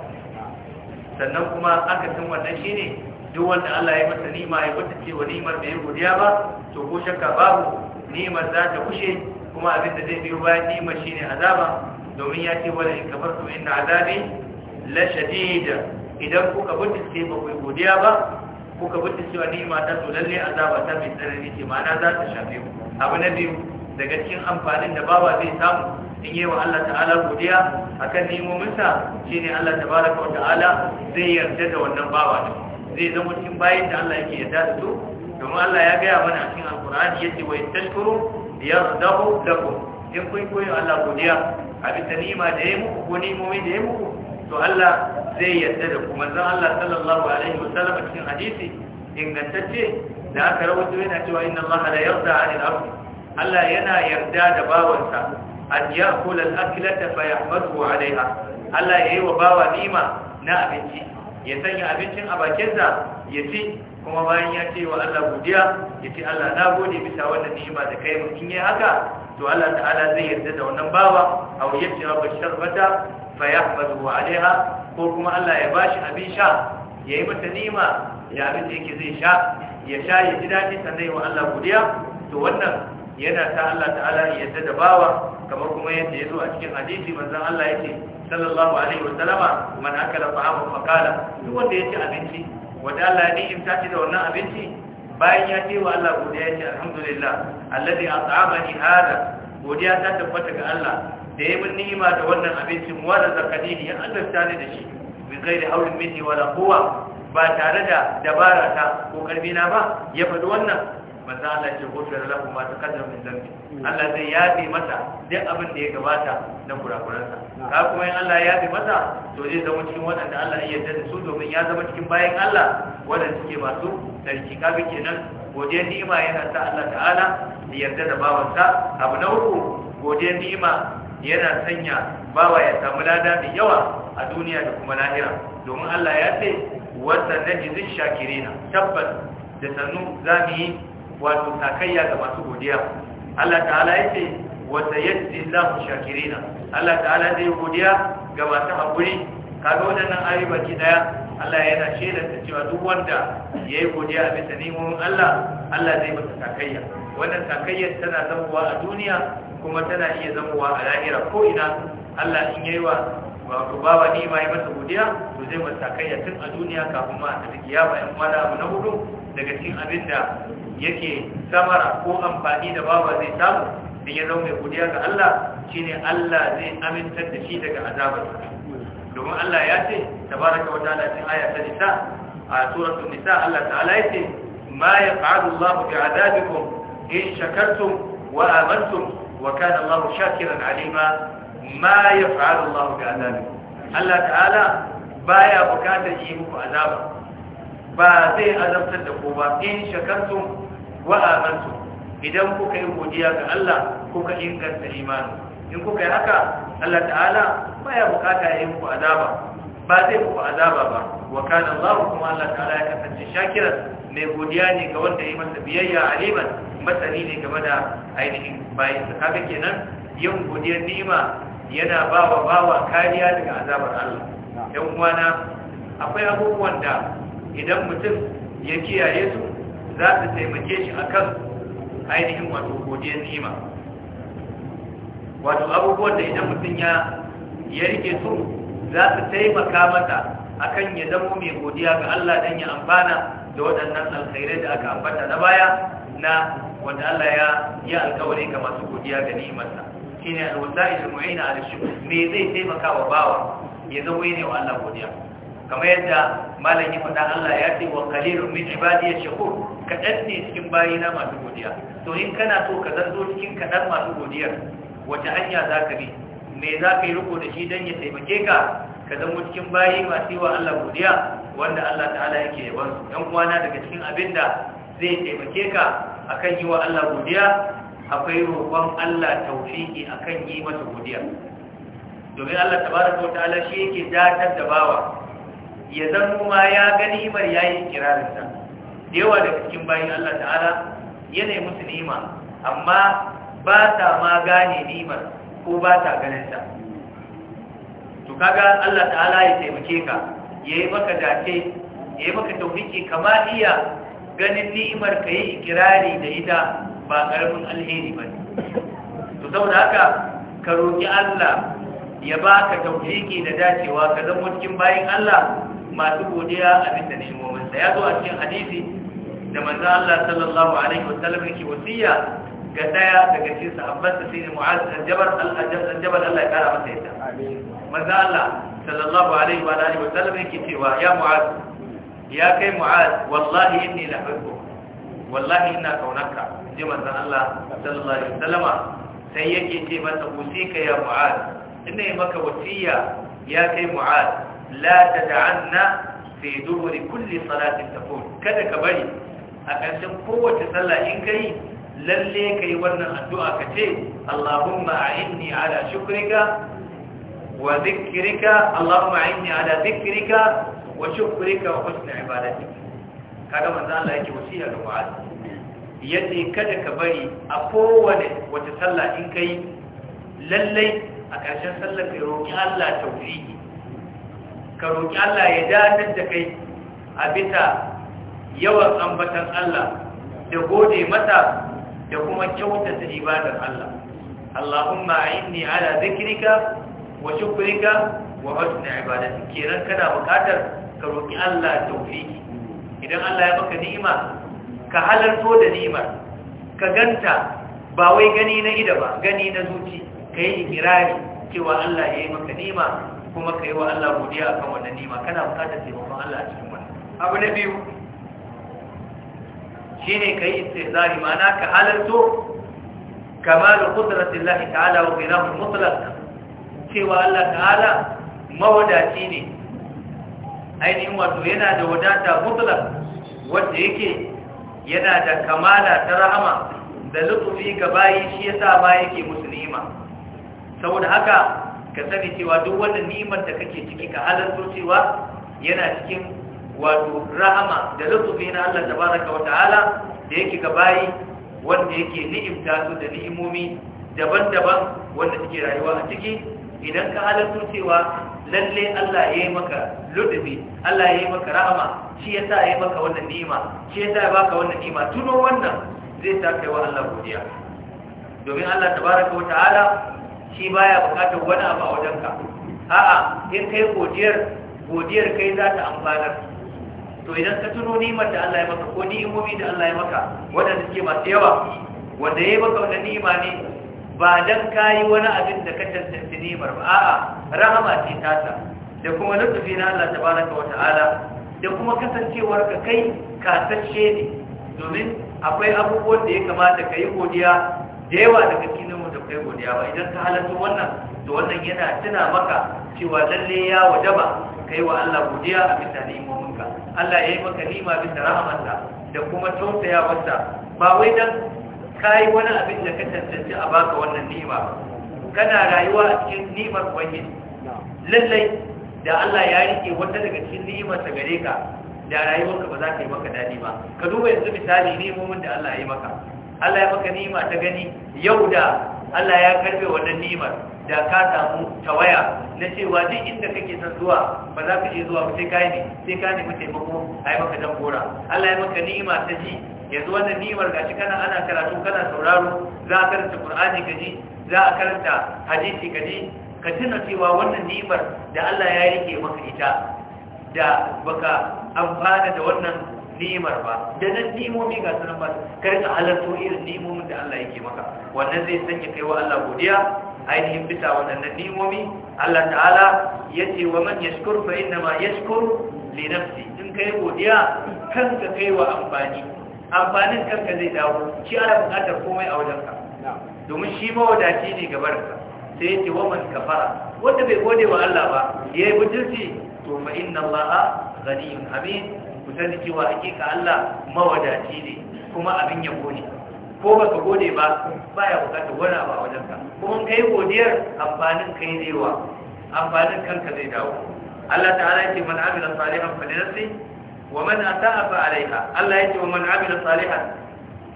sannan kuma aka san wannan shine duk wanda Allah ya masa nima ya wata cewa nimar bai godiya ba to ko shakka babu nimar za ta kushe kuma abin da zai biyo bayan nimar shine azaba domin ya ce wala in kafartu inna azabi la shadid idan kuka bincike ba ku godiya ba kuka bincike wa ni'ima ta to lalle azaba ta mai tsanani ce ma'ana za ta shafe ku abu na biyu daga cikin amfanin da bawa zai samu in yi wa Allah ta'ala godiya akan ni'imominsa shine Allah tabaraka wa ta'ala zai yarda da wannan bawa zai zama cikin bayin da Allah yake yarda da su domin Allah ya gaya mana cikin alqur'ani yace wa tashkuru yardahu lakum in kun koyi Allah godiya a bisa ni'ima da ya muku ko ni'imomi da ya muku to Allah zai yarda da ku manzon Allah sallallahu alaihi a cikin hadisi ingantacce da aka rawaito yana cewa inna Allah la yarda 'anil abd Allah yana yarda da bawansa an ya'kula al-aklata fa yahmadu 'alayha Allah yayi wa bawa nima na abinci ya sanya abincin a bakinsa ya ci kuma bayan ya ce wa Allah godiya ya ce Allah na gode bisa wannan ni'ima da kai mun yi haka to Allah ta'ala zai yarda da wannan bawa aw yabti rabbi sharbata fa alaiha ko kuma Allah ya bashi abin sha yayi mata nima ya abin da yake zai sha ya sha ya ji dadi sannan wa Allah godiya to wannan yana ta Allah ta'ala ya yadda da bawa kamar kuma yadda ya zo a cikin hadisi manzon Allah yake sallallahu alaihi wa man akala ta'aman faqala duk wanda ya ci abinci wanda Allah ya ni'imta shi da wannan abinci bayan ya ce wa Allah godiya ya ce alhamdulillah alladhi at'amani hada godiya ta tabbata ga Allah da ya bin ni'ima da wannan abincin wala zakani ya azurta da shi bi ghairi haulin minni wala kowa ba tare da dabara ta ko karbi na ba ya faɗi wannan manzo Allah ce gofiyar lahu ma taqaddama min dhanbi Allah zai yafi masa duk abin da ya gabata na kurakuransa ka kuma in Allah ya yafi masa to zai zama cikin waɗanda Allah ya yarda da su domin ya zama cikin bayan Allah waɗanda suke masu sarki kabi kenan godiyar ni'ima yana sa Allah ta'ala ya yarda da bawansa abu na uku godiyar ni'ima yana sanya bawa ya samu lada mai yawa a duniya da kuma lahira domin Allah ya ce wata shakiri shakirina tabbas da sannu za mu yi wato takayya ga masu godiya Allah ta'ala ya ce wata yadda shakiri shakirina Allah ta'ala zai godiya ga masu haƙuri kaga waɗannan ayi baki daya Allah yana shaidar da cewa duk wanda ya yi godiya a bisa nemomin Allah Allah zai masa takayya wannan takayyar tana zamowa a duniya kuma tana iya zamowa a lahira ko ina Allah in yayi wa wato bawa ni mai masa godiya to zai masa kaiya tun a duniya kafin ma a tafi kiyama in wani abu na hudu daga cikin abin da yake samara ko amfani da bawa zai samu da ya zama mai godiya ga Allah shine Allah zai amintar da shi daga azabar. domin Allah ya ce tabaraka wa ta'ala cikin aya ta nisa a suratul nisa Allah ta'ala ya ce ma yaqadu Allahu bi'adabikum in shakartum wa amantum وكان الله شاكرا عليما ما يفعل الله بعذابكم الله تعالى بايا بكاتا يجيبكم عذابا ba zai azabtar da ku ba in shakartum wa amantum idan yi godiya ga Allah kuka inganta imani in kuka yi haka Allah ta'ala baya bukata ya yi muku azaba ba zai azaba ba wa kana Allah kuma Allah ta'ala ya kasance shakiran mai godiya ne ga wanda ya masa biyayya aliman matsali ne game da ainihin bayin sa kaga kenan yin godiyar nima yana ba wa bawa kariya daga azabar Allah yan uwana akwai abubuwan da idan mutum ya kiyaye su za su taimake shi akan ainihin wato godiyar nima wato abubuwan da idan mutum ya ya rike su za su taimaka mata akan ya zama mai godiya ga Allah dan ya amfana da waɗannan alkhairai da aka ambata na baya na wanda Allah ya yi alkawari ga masu godiya ga ni'imarsa ne al-wasa'il mu'ina ala shukr me zai taimaka wa bawa ya zama ne wa Allah godiya kamar yadda malam faɗa Allah ya ce wa qalilun min ya shakur kaɗan ne cikin na masu godiya to in kana so ka zanto cikin kaɗan masu godiyar wace hanya za ka bi me za ka yi riko da shi don ya taimake ka ka zama cikin bayi masu yi wa Allah godiya wanda Allah ta'ala yake yaban su ɗan na daga cikin abin da zai taimake ka akan yi wa Allah godiya akwai roƙon Allah taufiki akan yi masa godiya domin Allah tabaraka wa ta'ala shi yake datar da bawa ya zama ma ya gani mar yayi kirarin sa da yawa daga cikin bayi Allah ta'ala yana musu nima, amma ba ta ma gane nimar ko ba ta ganin ta to kaga Allah ta'ala ya taimake ka yayi maka dace yayi maka tauhiki kama iya ganin ni'imar ka yi ikirari da ita ba karfin alheri bane to saboda haka ka roki Allah ya baka tauhiki da dacewa ka zama cikin bayin Allah masu godiya a bisa ni'imominsa ya zo a cikin hadisi da manzo Allah sallallahu alaihi sallam yake wasiya ga daya daga cikin sahabbansa sai Mu'az al Jabal al-Jabal Allah ya kara masa yadda maza Allah sallallahu alaihi wa alihi wa sallam yake cewa ya mu'az ya kai mu'az wallahi inni la hubbu wallahi ina kaunarka ji manzon Allah sallallahu alaihi wa sallama sai yake ce masa usika ya mu'az inna maka wasiya ya kai mu'az la tad'anna fi duburi kulli salatin taqul kada ka bari a ƙarshen kowace sallah in kai lalle kai wannan addu'a ka ce Allahumma a'inni ala shukrika وذكرك اللهم أعني على ذكرك وشكرك وحسن عبادتك kaga manzo Allah yake wasiya ga Mu'az yace kada ka bari a kowane wata talla in kai lallai a karshen sallar ka roki Allah tawfiqi ka roki Allah ya dadar da kai a bisa yawan ambatan Allah da gode mata da kuma kyautata ibadar Allah Allahumma a'inni wa shukrika wa husni ibadati kenan kana buƙatar ka roki Allah tawfiki idan Allah ya baka ni'ima ka halarto da ni'imar ka ganta ba wai gani na ida ba gani na zuci ka yi ikirari cewa Allah ya yi maka ni'ima kuma kai wa Allah godiya akan wannan ni'ima kana buƙatar taimakon Allah a cikin wannan abu na biyu shine kai istihzari mana ka halarto kamal qudratillahi ta'ala wa ghinahu mutlaq cewa Allah ta'ala mawadaci ne ainihin wato yana da wadata mutula wanda yake yana da kamala ta rahama da lutufi ga bayi shi yasa ba yake musu ni'ima saboda haka ka sani cewa duk wannan ni'imar da kake ciki ka halartar cewa yana cikin wato rahama da lutufi na Allah tabaraka wata'ala da yake ga bayi wanda yake ni'imta su da ni'imomi daban-daban wanda suke rayuwa a ciki idan ka halartu cewa lalle Allah ya yi maka ludubi Allah ya yi maka rahama shi ya sa ya yi maka wannan ni'ima shi ya sa ya baka wannan ni'ima tuno wannan zai sa kai wa Allah godiya domin Allah tabaraka wa ta'ala shi baya bukatar wani abu a wajenka a'a in kai godiyar godiyar kai za ta amfana. to idan ka tuno ni'imar da Allah ya maka ko ni'imomi da Allah ya maka wanda suke masu yawa wanda ya yi maka wannan ni'ima ne ba don kayi wani abin da ka cancanci nemar ba a'a rahama ce tata da kuma nufi na Allah tabaraka wa ta'ala da kuma kasancewar ka kai kasashe ne domin akwai abubuwan da ya kamata ka yi godiya da yawa daga cikin mu da kai godiya ba idan ka halatta wannan to wannan yana tuna maka cewa lalle ya wajaba kai wa Allah godiya a bisa ni'imominka Allah ya yi maka nima bisa rahamarsa da kuma tausayawarsa ba wai dan kai wani abin da ka tantance a baka wannan ni'ima kana rayuwa a cikin ni'imar ubangiji lallai da Allah ya rike wata daga cikin ni'imar ta gare ka da rayuwarka ba za ka yi maka dadi ba ka duba yanzu misali ni'imomin da Allah ya yi maka Allah ya maka ni'ima ta gani yau da Allah ya karbe wannan ni'imar da ka samu tawaya na cewa duk inda kake son zuwa ba za ka je zuwa ba sai ka yi sai ka nemi taimako a yi maka dan gora Allah ya maka ni'ima ta ji yanzu wannan ga gashi kana ana karatu kana sauraro za a karanta Qur'ani kaji za a karanta hadisi kaji ka tuna cewa wannan nimar da Allah ya rike maka ita da baka amfana da wannan nimar ba da nan nimomi ga sunan ba ka rika halarto irin nimomin da Allah yake maka wannan zai sanya kai wa Allah godiya ainihin bisa wannan nimomi Allah ta'ala ya ce wa man yashkur fa inna ma yashkur li nafsi in kai godiya kanka kai wa amfani amfanin kanka zai dawo shi ana bukatar komai a wajenka domin shi mawadaci ne ka sai ya ce waman kafara wanda bai gode wa Allah ba ya yi bujirci to fa inna Allah ghaniyun hamid ku sani cewa hakika Allah mawadaci ne kuma abin ya gode ko baka gode ba baya bukatar wani abu a wajenka kuma kai godiyar amfanin kai zai wa amfanin kanka zai dawo Allah ta'ala ya ce man amila salihan falinasi wa man ata'a fa alaiha Allah yake wa man amila salihan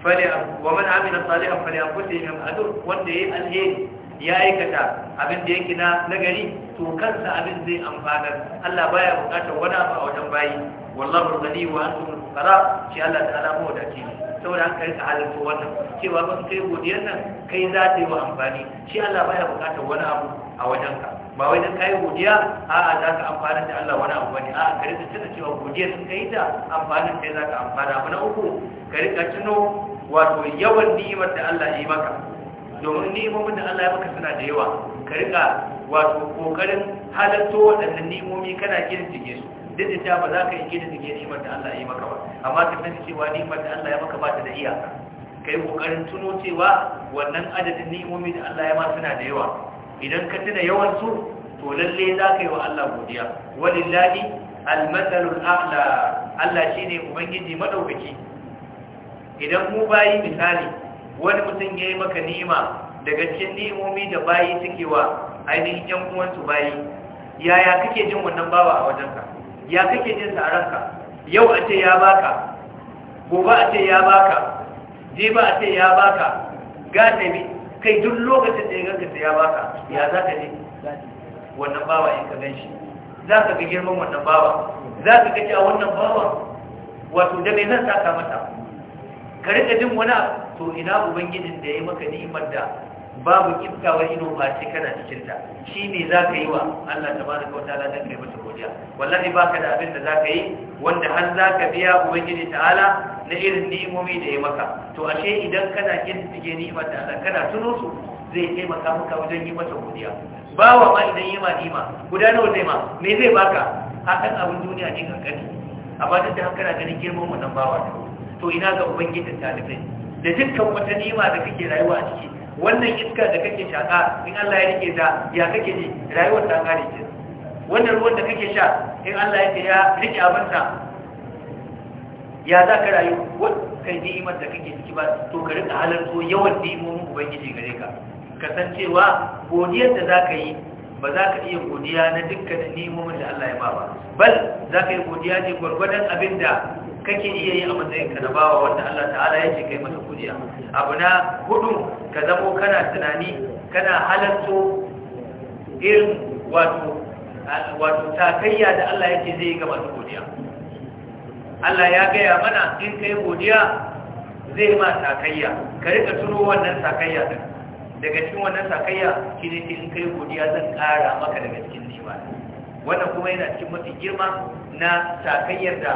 fali wa man amila salihan fali anfusihim adur wanda yayi alheri ya aikata abin da yake na nagari to kansa abin zai amfanar Allah baya bukatar wani abu a wajen bayi wallahu ghani wa antum fuqara shi Allah ta'ala mu da ke saboda an kai halin wannan cewa kai godiyar nan kai za ta yi wa amfani shi Allah baya bukatar wani abu a wajen ka ba wai dan kai godiya a'a za ka amfana da Allah wani abu bane a'a ka rika cewa godiya sun kai ta amfanin sai za ka amfana abu na uku ka rika tuno wato yawan ni'imar da Allah ya yi maka domin ni'imomin da Allah ya maka suna da yawa ka rika wato kokarin halatto waɗannan ni'imomi kana kirkige su duk da ba za ka yi kirkige ni'imar da Allah ya yi maka ba amma ka sani cewa ni'imar da Allah ya maka ba ta da iyaka kai kokarin tuno cewa wannan adadin ni'imomi da Allah ya ma suna da yawa idan ka tuna yawan su to lalle za ka yi wa Allah godiya walillahi almasalul a'la Allah shi ne ubangiji madaukaki idan mu bayi misali wani mutum yayi maka ni'ima daga cikin ni'imomi da bayi suke wa ainihin yan uwansu bayi yaya kake jin wannan bawa a wajenka ya kake jin sa a ranka yau a ce ya baka gobe a ce ya baka jiba a ce ya baka bi kai duk lokacin da ya ganka ya baka ya za ka ne wannan bawa in ka gan shi za ka ga girman wannan bawa za ka gaji a wannan bawa wato da mai zan saka mata ka rika jin wani to ina ubangijin da ya maka ni'imar da babu kiftawar ido ba ce kana cikin ta shi ne za ka yi wa Allah ta tabaraka wataala zan kai mata godiya wallahi ka da abin da za ka yi wanda har za ka biya ubangiji ta'ala na irin ni'imomi da ya maka to ashe idan kana kin tige ni'imar da Allah kana tuno su zai taimaka maka wajen yi mata godiya wa ma idan yi ma nima guda nawa zai ma me zai baka hakan abin duniya ne kankani amma duk da haka na ganin girman wannan bawa ta to ina ga ubangijin talibai da dukkan wata nima da kake rayuwa a ciki wannan iska da kake shaka in Allah ya rike ta ya kake ji rayuwar ta kare ki wannan ruwan da kake sha in Allah ya ya rike abinsa ya za ka rayu kai ni'imar da kake ciki ba to ka rika halarto yawan ni'imomin ubangiji gare ka kasancewa godiyar da za ka yi ba za ka iya godiya na dukkanin nimomin da Allah ya ba ba bal za ka yi godiya ne gwargwadon abin da kake iya yi a matsayin ka na bawa wanda Allah ta'ala yake kai masa godiya abu na hudu ka zamo kana tunani kana halarto irin wato takayya da Allah yake zai ga masu godiya Allah ya gaya mana in kai godiya zai ma takayya ka rika tuno wannan takayya din daga cikin wannan sakayya shi ne cikin kai godiya zan ƙara maka daga cikin nima wannan kuma yana cikin mafi girma na sakayyar da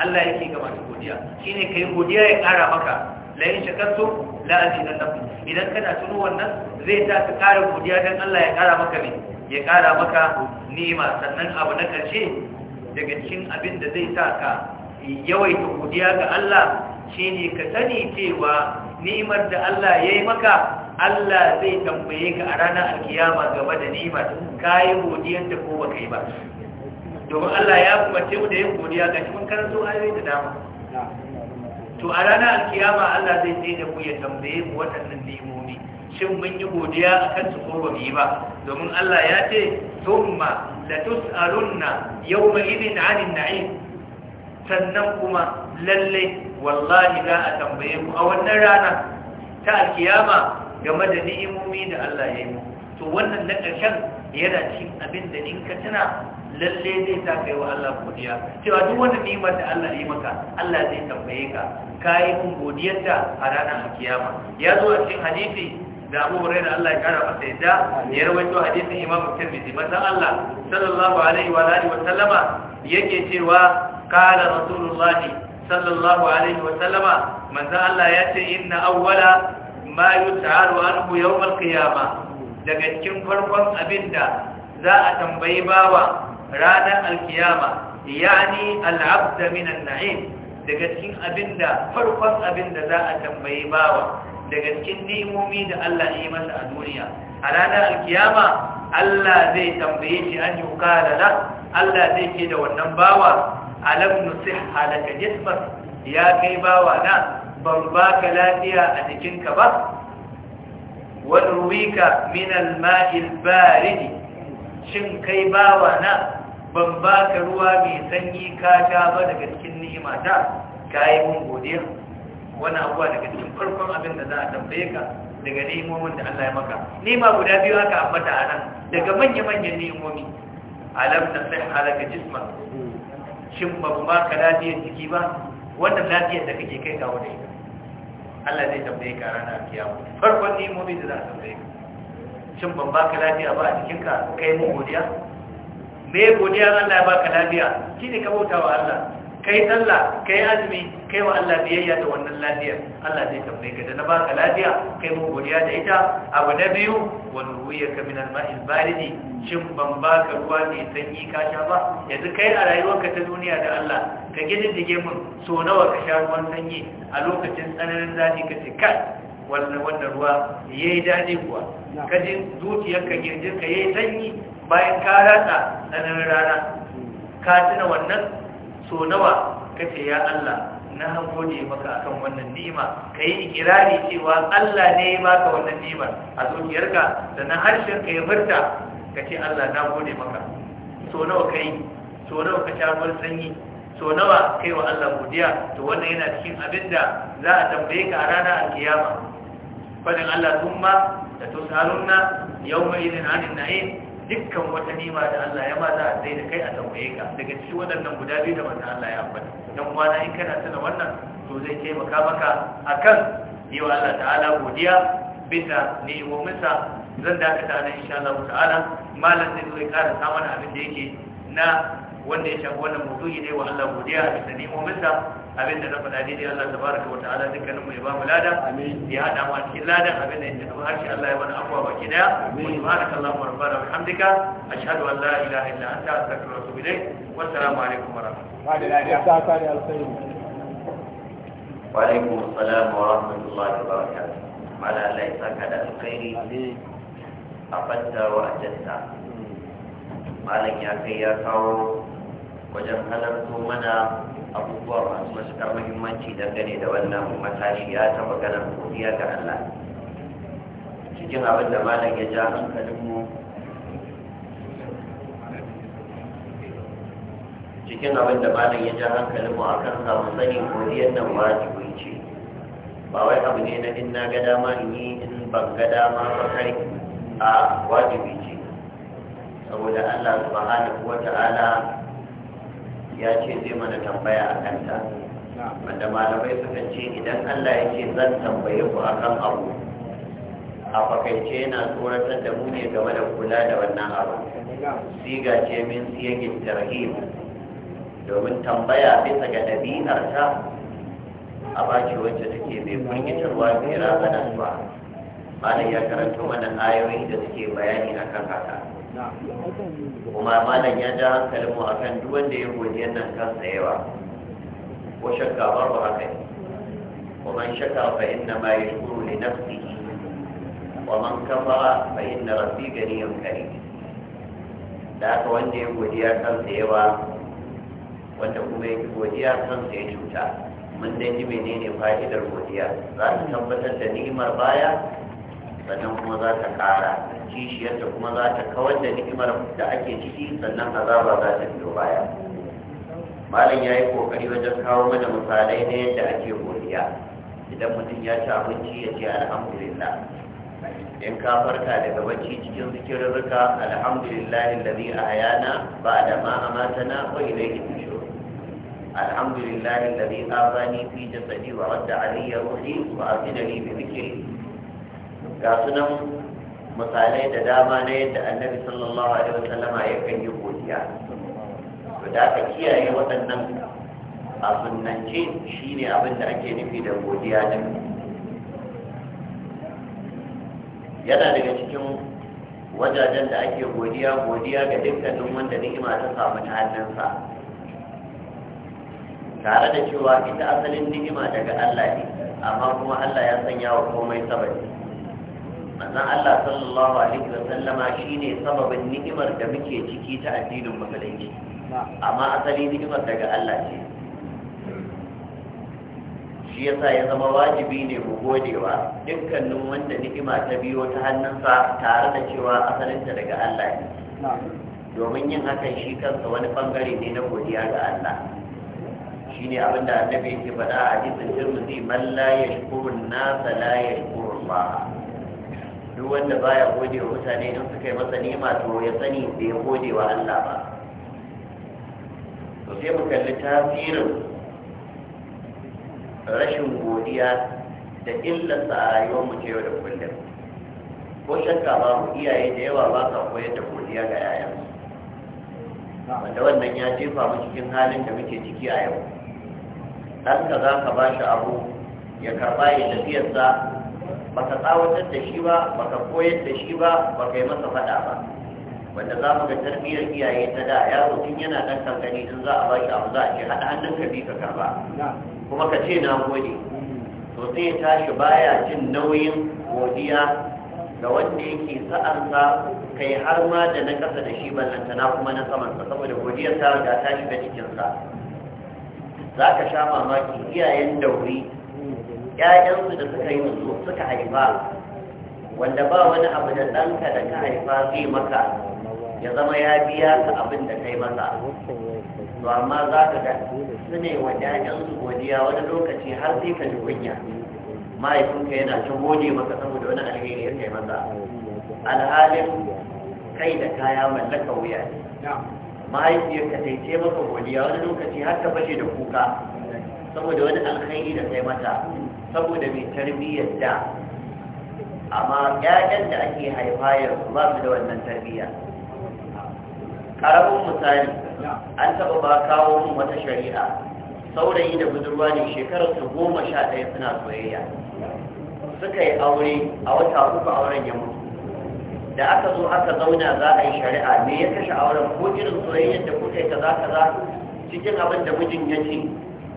Allah yake ga masu godiya shi ne kai godiya ya ƙara maka layin shakartu la'azi na nafi idan kana tuno wannan zai ta ka ƙara godiya don Allah ya ƙara maka ne ya ƙara maka nema sannan abu na ƙarshe daga cikin abin da zai sa ka yawaita godiya ga Allah shi ne ka sani cewa ni'imar da Allah ya yi maka Allah zai tambaye ka a ranar alkiyama game da ni'imar ka yi godiyar da ko baka yi ba domin Allah ya ce mu da yin godiya ga cikin karanto ayoyi da dama to a ranar alkiyama Allah zai tsaye da ku ya tambaye mu waɗannan ni'imomi shin mun yi godiya a kan su ko baka yi ba domin Allah ya ce thumma latus'alunna yawma idin 'anil na'im sannan kuma lalle wallahi za a tambaye mu a wannan rana ta alkiyama game da ni'imomi da Allah ya yi mu to wannan na ƙarshen yana cin abin da in ka tana lalle zai sa kai wa Allah godiya cewa duk wanda ni'imar da Allah ya maka Allah zai tambaye ka kai mun godiyar ta a ranar alkiyama ya zo a cikin hadisi da Abu Hurairah Allah ya kara masa yadda ya rawaito hadisin Imam Tirmidhi manzo Allah sallallahu alaihi wa alihi wa sallama yake cewa qala rasulullahi sallallahu alaihi wasallama manzo Allah ya ce inna awwala ma yut'alu anhu yawm al-qiyamah daga cikin farkon abinda za a tambayi bawa ranar alkiyama yani al-abd min an-na'im daga cikin abinda farkon abinda za a tambayi bawa daga cikin ni'imomi da Allah ya yi masa a duniya a ranar alkiyama Allah zai tambaye shi an yi kala Allah zai ke da wannan bawa alam nusih halaka jismak ya kai bawa na ban baka lafiya a jikinka ba ruwika min al-mahil alma'il baridi shin kai bawa na ban baka ruwa mai sanyi ka sha ba daga cikin ni'ima ta kai mun godiya wani abuwa daga cikin farkon abin da za a tambaye ka daga ni'imomin da Allah ya maka ni'ima guda biyu haka mata a nan daga manya-manyan ni'imomi alam nasih halaka jismak shin ba mu ka lafiyar jiki ba wannan lafiyar da kake kai kawo da ita Allah zai tambaye ka ranar kiyama farkon nimomi da za a tambaye ka shin ban ka lafiya ba a cikin ka kai mu godiya me godiya Allah ya baka lafiya shine ka bautawa Allah kai sallah kai azumi kai wa Allah biyayya da wannan lafiya. Allah zai tambaye ka da na baka lafiya kai mu godiya da ita abu na biyu wa nuwiyaka min al-ma'il baridi shin ban baka ruwa mai sanyi ka sha ba yanzu kai a rayuwarka ta duniya da Allah ka dige mun so nawa ka sha ruwan sanyi a lokacin tsananin zafi ka ce kai wannan wannan ruwa yayi dadi kuwa ji zuciyarka ka yayi sanyi bayan ka ratsa tsananin rana ka tuna wannan so nawa kace ya Allah na hangode maka akan wannan ni'ima kai ikirari cewa Allah ne ya baka wannan ni'imar a zuciyarka da na harshen ka ya furta kace Allah na gode maka so nawa kai so nawa ka shafar sanyi so nawa kai wa Allah godiya to wannan yana cikin abinda za a tambaye ka a ranar alkiyama fadin Allah thumma da tusaluna yawma idhin na na'im dukkan wata nima da Allah ya ma za a tsaye da kai a tambaye ka daga cikin waɗannan guda biyu da manzon Allah ya ambata dan uwana in kana tana wannan to zai taimaka maka akan yi wa Allah ta'ala godiya bisa ni'imominsa zan dakata nan insha Allah ta'ala malam zai zo ya ƙara samun abin da yake na wanda ya shafi wannan maudu'i ne wa Allah godiya bisa ni'imominsa Abinda na faɗa daidai Allah tabaraka wa ta'ala dukkanin mu ya bamu lada ya hada mu a cikin Lada abinda ya tafi harshe Allah ya bani afwa baki daya wa subhanaka allahumma rabbana wa bihamdika ashhadu an la ilaha illa anta astaghfiruka wa atubu ilayk wa assalamu alaikum wa rahmatullahi wa alaikum assalam wa rahmatullahi wa barakatuh mala Allah ya saka da alkhairi a fanta wa ajanta hmm. malam ya kai ya kawo wajen halarto mana abubuwa masu matuƙar muhimmanci dangane da wannan ya ta maganar godiya ga Allah cikin abin da malam ya ja hankalinmu cikin abin da malam ya ja hankalinmu a kan samu sani godiyar nan wajibi ce ba wai abu ne na in na ga dama in yi in ban ga dama ba kai a wajibi ce saboda Allah subhanahu wa ta'ala ya ce zai mana tambaya a kanta wanda malamai suka ce idan Allah ya ce zan tambaye ku akan abu a fakaice yana tsoratar da mu ne game da kula da wannan abu siga ce min siyagin tarhib domin tambaya bisa ga ɗabi'arta a baki wacce take mai firgitarwa mai razanar ba malam ya karanta mana ayoyi da suke bayani akan haka kuma malam ya ja hankalinmu mu kan duwanda wanda ya goji nan kansa yawa ko shakka babu haka ne ومن شكر فإنما يشكر لنفسه ومن كفر فإن gani yan كريم da aka wanda ya godiya kansa yawa wanda kuma ya godiya kansa ya cuta mun dai ji menene fa'idar godiya za ta tabbatar da ni'imar baya sannan kuma za ta ƙara kishiyarta kuma za ta kawar da ni'imar da ake ciki sannan azaba za ta biyo baya malam ya yi ƙoƙari wajen kawo mana misalai na yadda ake godiya idan mutum ya ci abinci ya ce alhamdulillah in ka farka daga bacci cikin zikirarruka alhamdulillah allazi ba da ma amatana ko ilayhi nushur alhamdulillah allazi afani fi jasadi wa radda alayya ruhi wa ni bi ga sunan misalai da dama na yadda annabi sallallahu alaihi wasallama ya kan yi godiya to da aka kiyaye waɗannan a sunnance shine abin da ake nufi da godiya din yana daga cikin wajajen da ake godiya godiya ga dukkanin wanda ni'ima ta samu ta hannunsa tare da cewa ita asalin ni'ima daga Allah ne amma kuma Allah ya sanya wa komai sabani manzon Allah sallallahu alaihi wa sallama shine sababin ni'imar da muke ciki ta addinin musulunci amma asali ni'imar daga Allah ce shi yasa ya zama wajibi ne mu godewa dukkanin wanda ni'ima ta biyo ta hannunsa tare da cewa asalinta daga Allah ne domin yin hakan shi kansa wani bangare ne na godiya ga Allah shi ne abinda annabi yake faɗa a hadisin tirmidhi man la yashkurun nasa la Allah duk wanda baya gode wa mutane don suka yi masa nema to ya sani da ya gode wa Allah ba to sai mu kalli tasirin rashin godiya da illarsa a rayuwar mu yau da kullum ko shakka ba mu iyaye da yawa ba sa koyar da godiya ga yayansu wanda wannan ya jefa mu cikin halin da muke ciki a yau ɗanka za ka ba shi abu ya karɓa ya tafiyarsa baka tsawatar da shi ba baka koyar da shi ba ka yi masa faɗa ba wanda za mu ga tarbiyyar iyaye ta da yaro tun yana ɗan kankani in za a bashi abu za a ce haɗa hannun ka bi ka karba kuma ka ce na gode to sai tashi baya jin nauyin godiya ga wanda yake sa'arsa kai har ma da na kasa da shi ballantana kuma na samansa saboda godiyar ta riga ta shiga cikinsa za ka sha mamaki iyayen dauri Ya'yansu da suka yi musu suka haifa wanda ba wani abu da ɗanka da ka haifa zai maka ya zama ya biya ka abin da kai masa to amma za ka ga su ne wa ƴaƴansu godiya wani lokaci har sai ka ji mahaifinka yana ta gode maka saboda wani alheri ya kai masa alhalin kai da kaya mallaka wuya ne mahaifiyarka ta ce maka godiya wani lokaci har ta fashe da kuka saboda wani alheri da kai mata saboda mai tarbiyyar da amma ƴaƴan da ake haifa yanzu ba su da wannan tarbiyya ƙaramin misali an taɓa ba kawo min wata shari'a saurayi da budurwa ne shekarar su goma sha ɗaya suna soyayya suka yi aure a wata uku auren ya mutu da aka zo aka zauna za a yi shari'a me ya kashe auren ko irin soyayyar da kuka yi kaza kaza cikin abin da mijin ya ce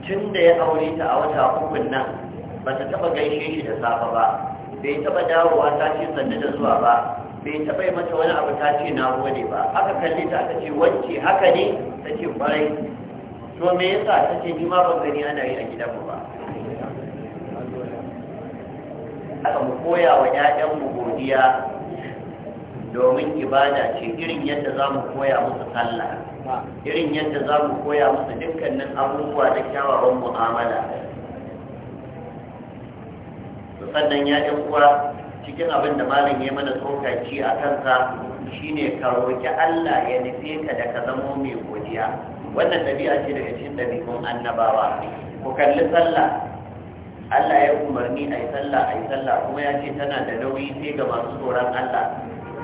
tun da ya aure ta a wata uku nan ba ta taba gaishe shi da safa ba bai taba dawowa ta ce sanda da zuwa ba bai taba yi mata wani abu ta ce na gode ba aka kalli ta aka ce wacce haka ne ta ce kwarai to me yasa ta ce ni ma ban gani ana yi a gidanmu ba aka mu koya wa mu godiya domin ibada ce irin yadda za mu koya musu sallah irin yadda za mu koya musu dukkanin abubuwa da kyawawan mu'amala to sannan ya yan uwa cikin abin da malam ya mana tsokaci a kansa shine ka roki Allah ya nufe ka da ka zamo mai godiya wannan ɗabi'a ce daga cikin dabi'un annabawa ku kalli sallah Allah ya umarni a yi sallah a yi sallah kuma ya ce tana da nauyi sai ga masu tsoron Allah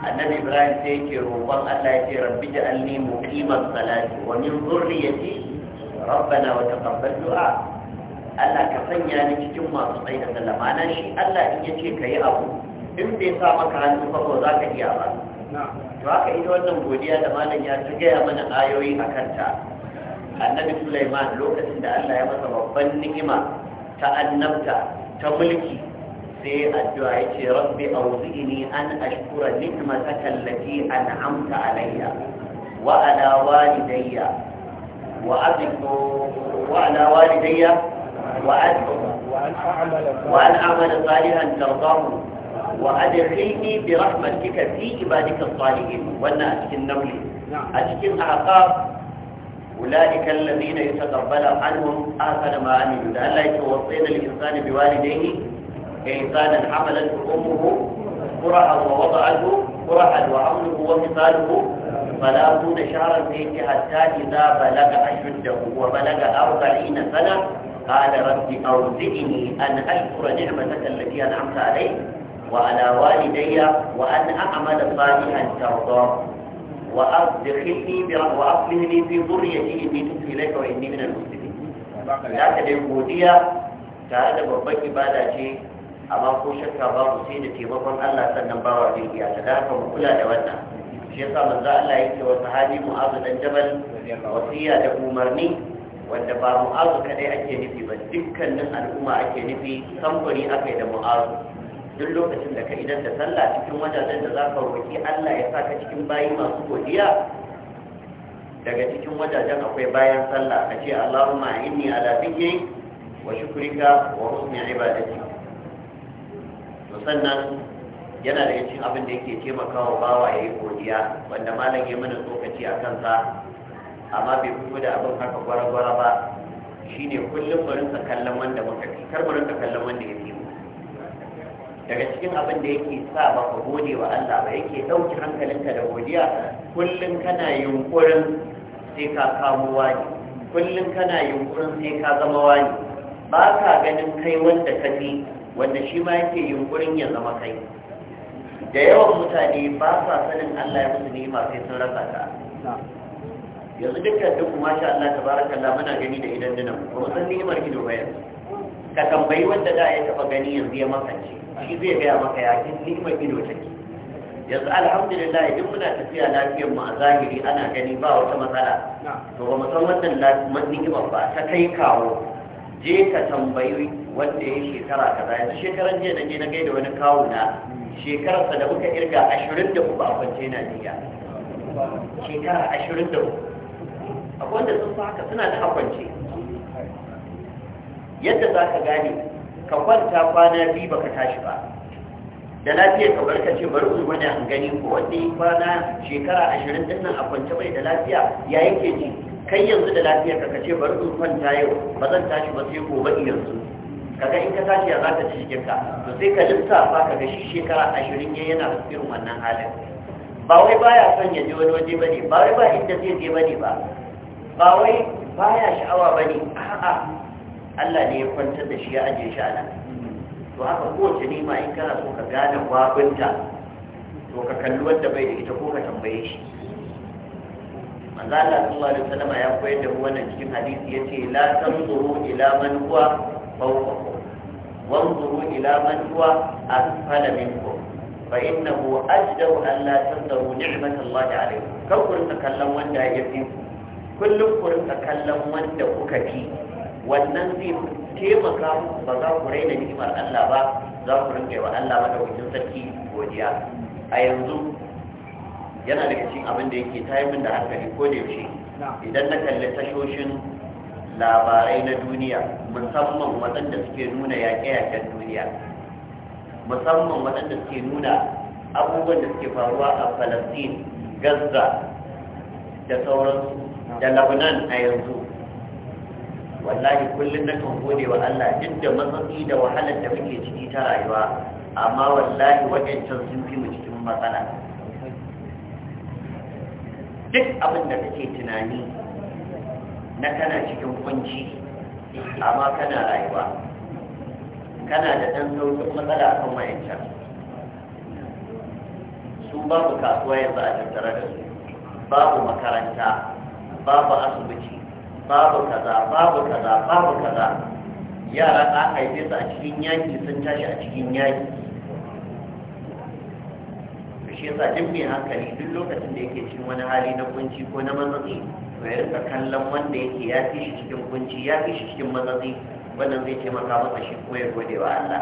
annabi Ibrahim sai yake roƙon Allah ya ce rabbi ja'alni muqimat salati wa min dhurriyyati rabbana wata taqabbal du'a Allah ka sanya ni cikin masu tsaye da sallah ma'ana shi Allah in yace ka yi abu in bai sa maka hannu ba ko za ka iya ba to haka ita wannan godiya da malam ya ta gaya mana ayoyi a kanta annabi Sulaiman lokacin da Allah ya masa babban ni'ima ta annabta ta mulki sai addu'a ya ce rabbi auzi'ini an ashkura ni'mataka allati an'amta alayya wa ala walidayya wa abiku wa ala walidayya وأن أعمل صالحا ترضاه وأدخلني برحمتك في عبادك الصالحين وأنا أشكي النمل أشكي الأعقاب أولئك الذين يتقبل عنهم أحسن ما عملوا لئلا يتوصينا الإنسان بوالديه إنسانا حملته أمه كرها ووضعته كرها وعونه وفصاله ثلاثون شهرا فيه حتى إذا بلغ أشده وبلغ أربعين سنة قال رب أوزعني أن أشكر نعمتك التي أنعمت علي وعلى والدي وأن أعمل صالحا ترضاه وأدخلني وأصلحني في ذريتي إني تبت إليك وإني من المسلمين. ذاك اليهودية تعالى بابك بعد شيء amma ko shakka babu sai da taimakon Allah sannan bawa zai iya ta da haka mu kula da wannan shi yasa manzo Allah yake wa sahabi Mu'adh dan Jabal wasiya da umarni wanda ba mu'azu kadai ake nufi ba dukkanin al'umma ake nufi samfuri aka yi da mu'azu duk lokacin da ka idan da sallah cikin wajajen da za ka roƙi allah ya saka cikin bayi masu godiya daga cikin wajajen akwai bayan sallah ka ce allahumma inni ala zikri wa shukrika wa husni ibadati to sannan yana da 'yancin abin da yake taimakawa bawa ya yi godiya wanda malam ya mana tsokaci a kansa amma bai fito da abin haka gwara-gwara ba ne kullum mu rinka kallon wanda muka fi kar mu rinka kallon wanda ya fi mu daga cikin abin da yake sa ba ka gode wa Allah ba yake ɗauki hankalinka da godiya kullum kana yunkurin sai ka kamo wani kullum kana yunkurin sai ka zama wani ba ka ganin kai wanda ka fi wanda shi ma yake yunkurin ya zama kai da yawan mutane ba sa sanin Allah ya musu ni'ima sai sun rasa ta yanzu dukkan duk sha Allah Allah muna gani da idan dinan ba mu san ni'imar ido ba yanzu ka tambayi wanda da ya taba gani yanzu ya ce shi zai gaya maka ya kin ni'imar ta take yanzu alhamdulillah idan muna tafiya lafiyar mu a zahiri ana gani ba wata matsala to ba mu san wannan lafiyar ni'imar ba ta kai kawo je ka tambayi wanda ya shekara kaza yanzu shekaran jiya na je na gaida wani kawo na shekararsa da muka irga ashirin da uku a kwance Najeriya shekara ashirin da uku akwai wanda sun fi haka suna da kwance yadda za ka gane ka kwanta kwana biyu baka tashi ba da lafiya ka bar ka ce bari in gwada an gani ko wanda ya kwana shekara ashirin din nan a kwance bai da lafiya ya yake ji kai yanzu da lafiya ka kace bari in kwanta yau ba zan tashi ba sai gobe yanzu kaga in ka tashi ya za ka ci jikinka to sai ka lissa ba ka ga shi shekara ashirin ya yana irin wannan halin ba wai baya son ya je wani waje bane ba wai ba inda zai je bane ba ba wai ba ya sha'awa ba ne a'a Allah ne ya kwantar da shi ya ajiye shi a to haka kowace nema in kana so ka gane gwabinta to ka kalli wanda bai da ita ko ka tambaye shi manzo Allah sallallahu alaihi wasallam ya koyar da wannan cikin hadisi ya ce, la tanzuru ila man huwa fawqakum wanzuru ila man huwa asfala minkum fa innahu ajdaru an la tanzuru ni'matallahi alaikum kawai ka kallon wanda ya fi ku kullum ku rinka kallon wanda kuka fi wannan zai taimaka ba za ku raina ni'imar Allah ba za ku rinka wa Allah madaukakin sarki godiya a yanzu yana da cikin abin da yake tayimin da hankali ko da yaushe idan na kalli tashoshin labarai na duniya musamman waɗanda suke nuna yaƙe-yaƙen duniya musamman waɗanda suke nuna abubuwan da suke faruwa a falastin gaza da sauransu da labanan a yanzu wallahi kullum na kan gode wa Allah duk da matsatsi da wahalar da muke ciki ta rayuwa amma wallahi waɗancan sun fi mu cikin matsala duk abin da kake tunani na kana cikin kunci amma kana rayuwa kana da ɗan sauƙin matsala a kan wayancan su babu kasuwa yanzu a tattara da su babu makaranta babu asibiti babu kaza babu kaza babu kaza yara an haife su a cikin yaki sun tashi a cikin yaki to shi yasa duk mai hankali duk lokacin da yake cikin wani hali na kunci ko na matsatsi to ya rika kallon wanda yake ya fi shi cikin kunci ya fi shi cikin matsatsi wannan zai taimaka masa shi ko ya gode wa Allah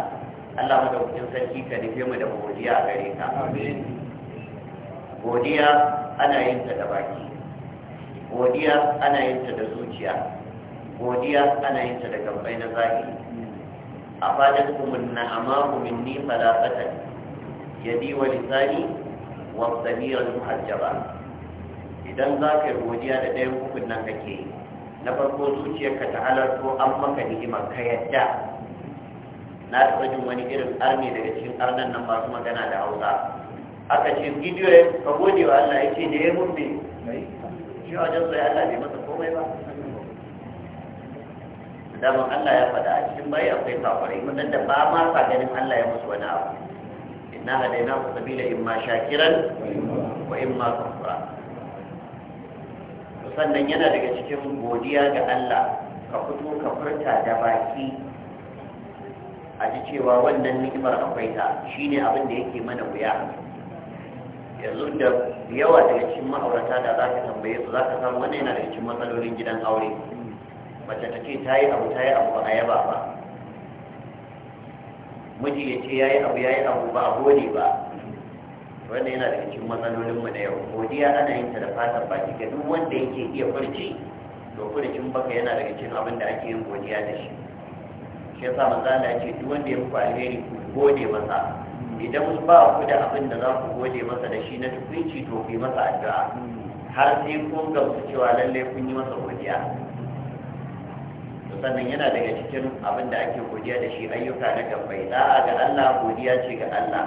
Allah kudin sarki ka nufi mu da godiya a gare ka godiya ana yin ta da baki godiya ana yin ta da zuciya godiya ana yin ta da gabbai na zahiri a fadin kumin na amma ni minni ya yadi wa lisani wa tsamirar muhajjaba idan za ka yi godiya da ɗayan kukun nan kake yi na farko zuciyarka ta halarto an maka ni'imar ka yadda na taɓa jin wani irin arni daga cikin arnan nan masu magana da hausa aka ce bidiyo ka gode wa Allah ya ce da ya mun shi wajen tsaye Allah bai masa komai ba daman Allah ya faɗa a cikin bayan akwai kafirai waɗanda ba ma sa ganin Allah ya musu wani abu inna na ku sabila ma shakiran wa imma kafura sannan yana daga cikin godiya ga Allah ka fito ka furta da baki a ji cewa wannan ni'imar akwai ta shine abin da yake mana wuya yanzu da yawa daga cikin ma'aurata da za ka tambaye su za ka samu wanda yana da cikin matsalolin gidan aure mace ta ce ta yi abu ta yi abu ba a yaba ba miji ya ce ya yi abu ya yi abu ba a gode ba Wanda yana daga cikin matsalolinmu da yau godiya ana yin ta da fatan baki ga duk wanda yake iya furci to furcin baka yana daga cikin abin da ake yin godiya da shi shi yasa manzo Allah ya ce duk wanda ya fi alheri ku gode masa idan ba ku da abin da za ku gode masa da shi na tukunci to ku yi masa addu'a har sai kun gamsu cewa lallai kun yi masa godiya sannan yana daga cikin abin da ake godiya da shi ayyuka na gabbai Za'a ga Allah godiya ce ga Allah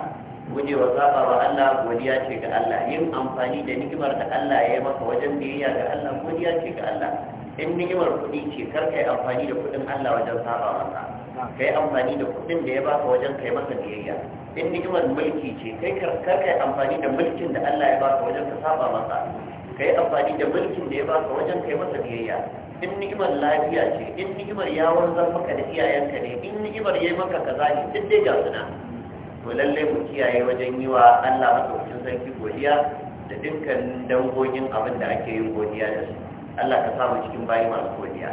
guje wa saba wa Allah godiya ce ga Allah yin amfani da ni'imar da Allah ya yi maka wajen biyayya ga Allah godiya ce ga Allah in ni'imar kuɗi ce kar ka yi amfani da kuɗin Allah wajen saba masa ka yi amfani da kuɗin da ya baka wajen kai masa biyayya in ni'imar mulki ce kai kar kai amfani da mulkin da Allah ya baka wajen ka saba masa kai amfani da mulkin da ya baka wajen kai masa biyayya in ni'imar lafiya ce in nikimar yawon zan maka da iyayenka ne in nikimar yayi maka kaza ne duk dai ga suna to lalle mu kiyaye wajen yi wa Allah madaukakin sarki godiya da dukkan dangogin abin da ake yin godiya da su Allah ka samu cikin bayi masu godiya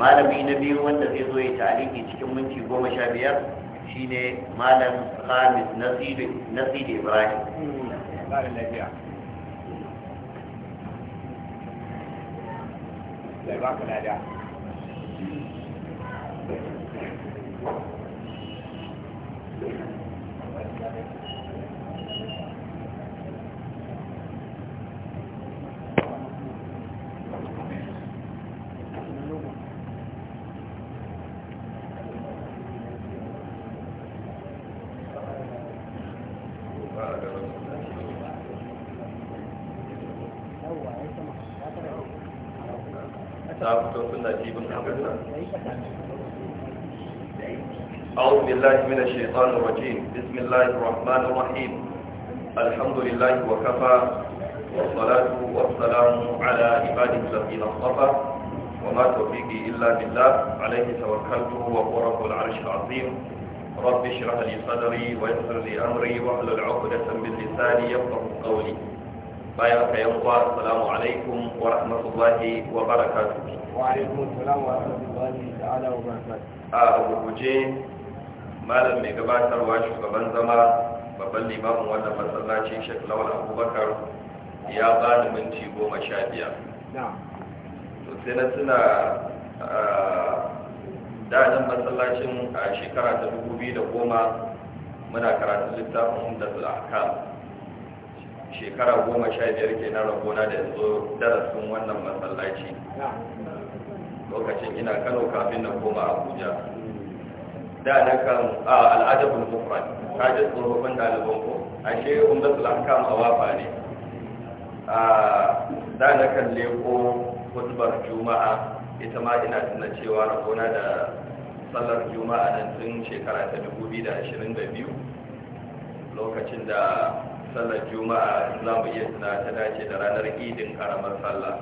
malami na biyu wanda zai zo ya tarihi cikin minti goma sha biyar Shi ne malam khamis nasiri ibrahim Thank you. بالله من الشيطان الرجيم بسم الله الرحمن الرحيم الحمد لله وكفى والصلاة والسلام على عباده الذين اصطفى وما توفيقي إلا بالله عليه توكلت وهو رب العرش العظيم رب اشرح لي صدري ويسر لي أمري واحلل عقدة من لساني يفقه قولي بارك يا السلام عليكم ورحمة الله وبركاته وعليكم السلام ورحمة الله تعالى وبركاته آه، أبو rubuce malam mai gabatarwa shugaban zama babban limamin wannan masallaci shek lawan abubakar ya bani minti goma sha biyar to sai na tuna daɗin masallacin a shekara ta dubu biyu da goma muna karatun littafin umdatul ahkam shekara goma sha biyar ke na rabona da yanzu darasin wannan masallaci lokacin ina kano kafin na koma abuja da na kan al'adabul mufrad ka ji tsofaffin ɗaliban ko ashe umdatul ahkam a wafa ne da na kan leko hutubar juma'a ita ma ina tuna cewa gona da sallar juma'a nan tun shekara ta 2022 lokacin da sallar juma'a za mu iya tuna ta dace da ranar idin karamar sallah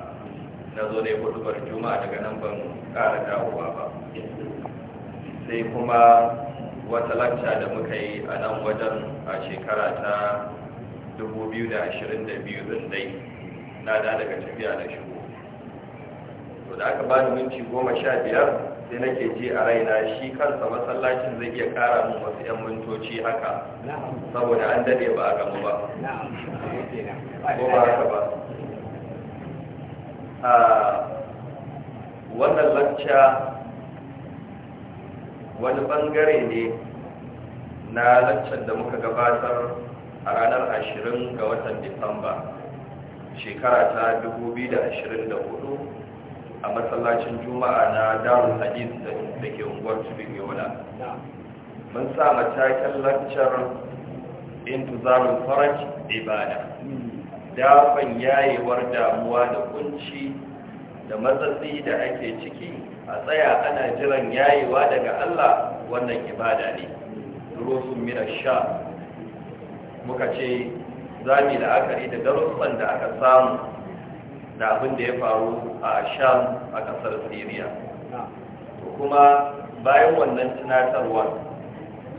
na zo ne hutubar juma'a daga nan ban ƙara dawowa ba sai kuma wata lacca da muka yi a nan wajen a shekara ta 2022 din dai na da daga tafiya na shigo to da aka bani minti goma sha biyar sai nake ji a raina shi kansa masallacin zai iya kara mun wasu 'yan mintoci haka saboda an dade ba a gamu ba ko ba haka ba a ah, wannan lacca wani bangare ne na laccar da muka gabatar a ranar 20 ga watan disamba shekara ta 2024 a masallacin juma'a na darul hadis da ke unguwar tudun yola mun sa matakin laccar intizarun faraj ibada dafan yayewar damuwa da kunci da matsatsi da ake ciki a tsaya ana jiran yayewa daga Allah wannan ibada ne durusun min sha muka ce mu da la'akari da darussan da aka samu da abin da ya faru a sham a kasar syria kuma bayan wannan tunatarwa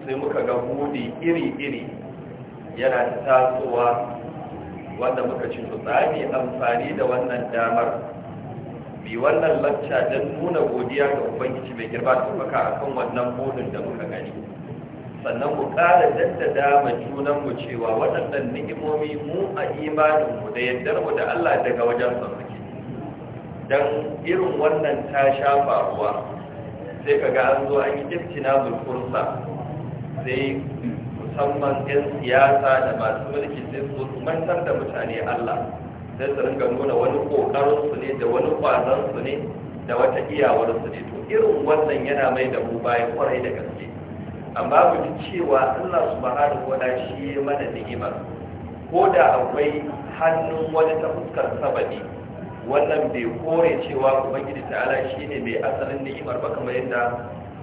sai muka ga hudi iri-iri yana tasowa wanda muka ci tsari amfani da wannan damar bi wannan lacca don nuna godiya ga ubangiji mai girma da baka akan wannan bodin da muka gani sannan mu ƙara jaddada ma junanmu cewa waɗannan ni'imomi mu a imaninmu da yardar mu da Allah daga wajen sa suke dan irin wannan ta sha faruwa sai kaga an zo an yi iftina zulfursa sai musamman 'yan siyasa da masu mulki sai su mantar da mutane Allah sai su rinka nuna wani kokarin ne da wani kwazon ne da wata iyawar su ne to irin wannan yana mai da mu bayan kwarai da gaske amma ku ji cewa Allah subhanahu wataala shi ya mana ni'imar. ko da akwai hannun wani ta fuskar sabani wannan bai kore cewa ubangiji ta'ala shine mai asalin ni'imar ba kamar yadda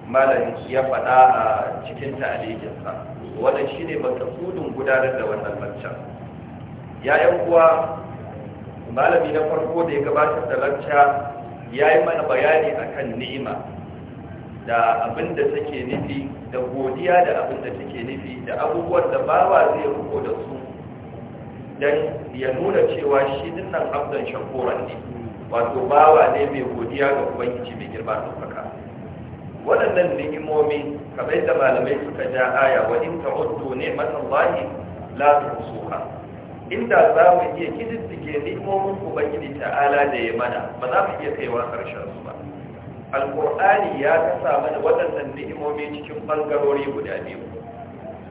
malami ya faɗa a cikin ta'alikinsa wannan shine makasudin gudanar da wannan Ya yayan kuwa malami na farko da ya gabatar da lacca ya yi mana bayani a kan ni'ima da abin da take nufi da godiya da abin da take nufi da abubuwan da bawa zai ruko da su don ya nuna cewa shi dinnan abdan shakoran ne wato bawa ne mai godiya ga ubangiji mai girma tsaka. waɗannan ni'imomi kamar da malamai suka ja aya wa in ta'uddu ni'matallahi la tuhsuha inda za mu iya kididdige ni'imomin ubangiji ta'ala da ya mana ba za mu iya kaiwa ƙarshen su ba alƙur'ani ya kasa mana waɗannan ni'imomi cikin bangarori guda biyu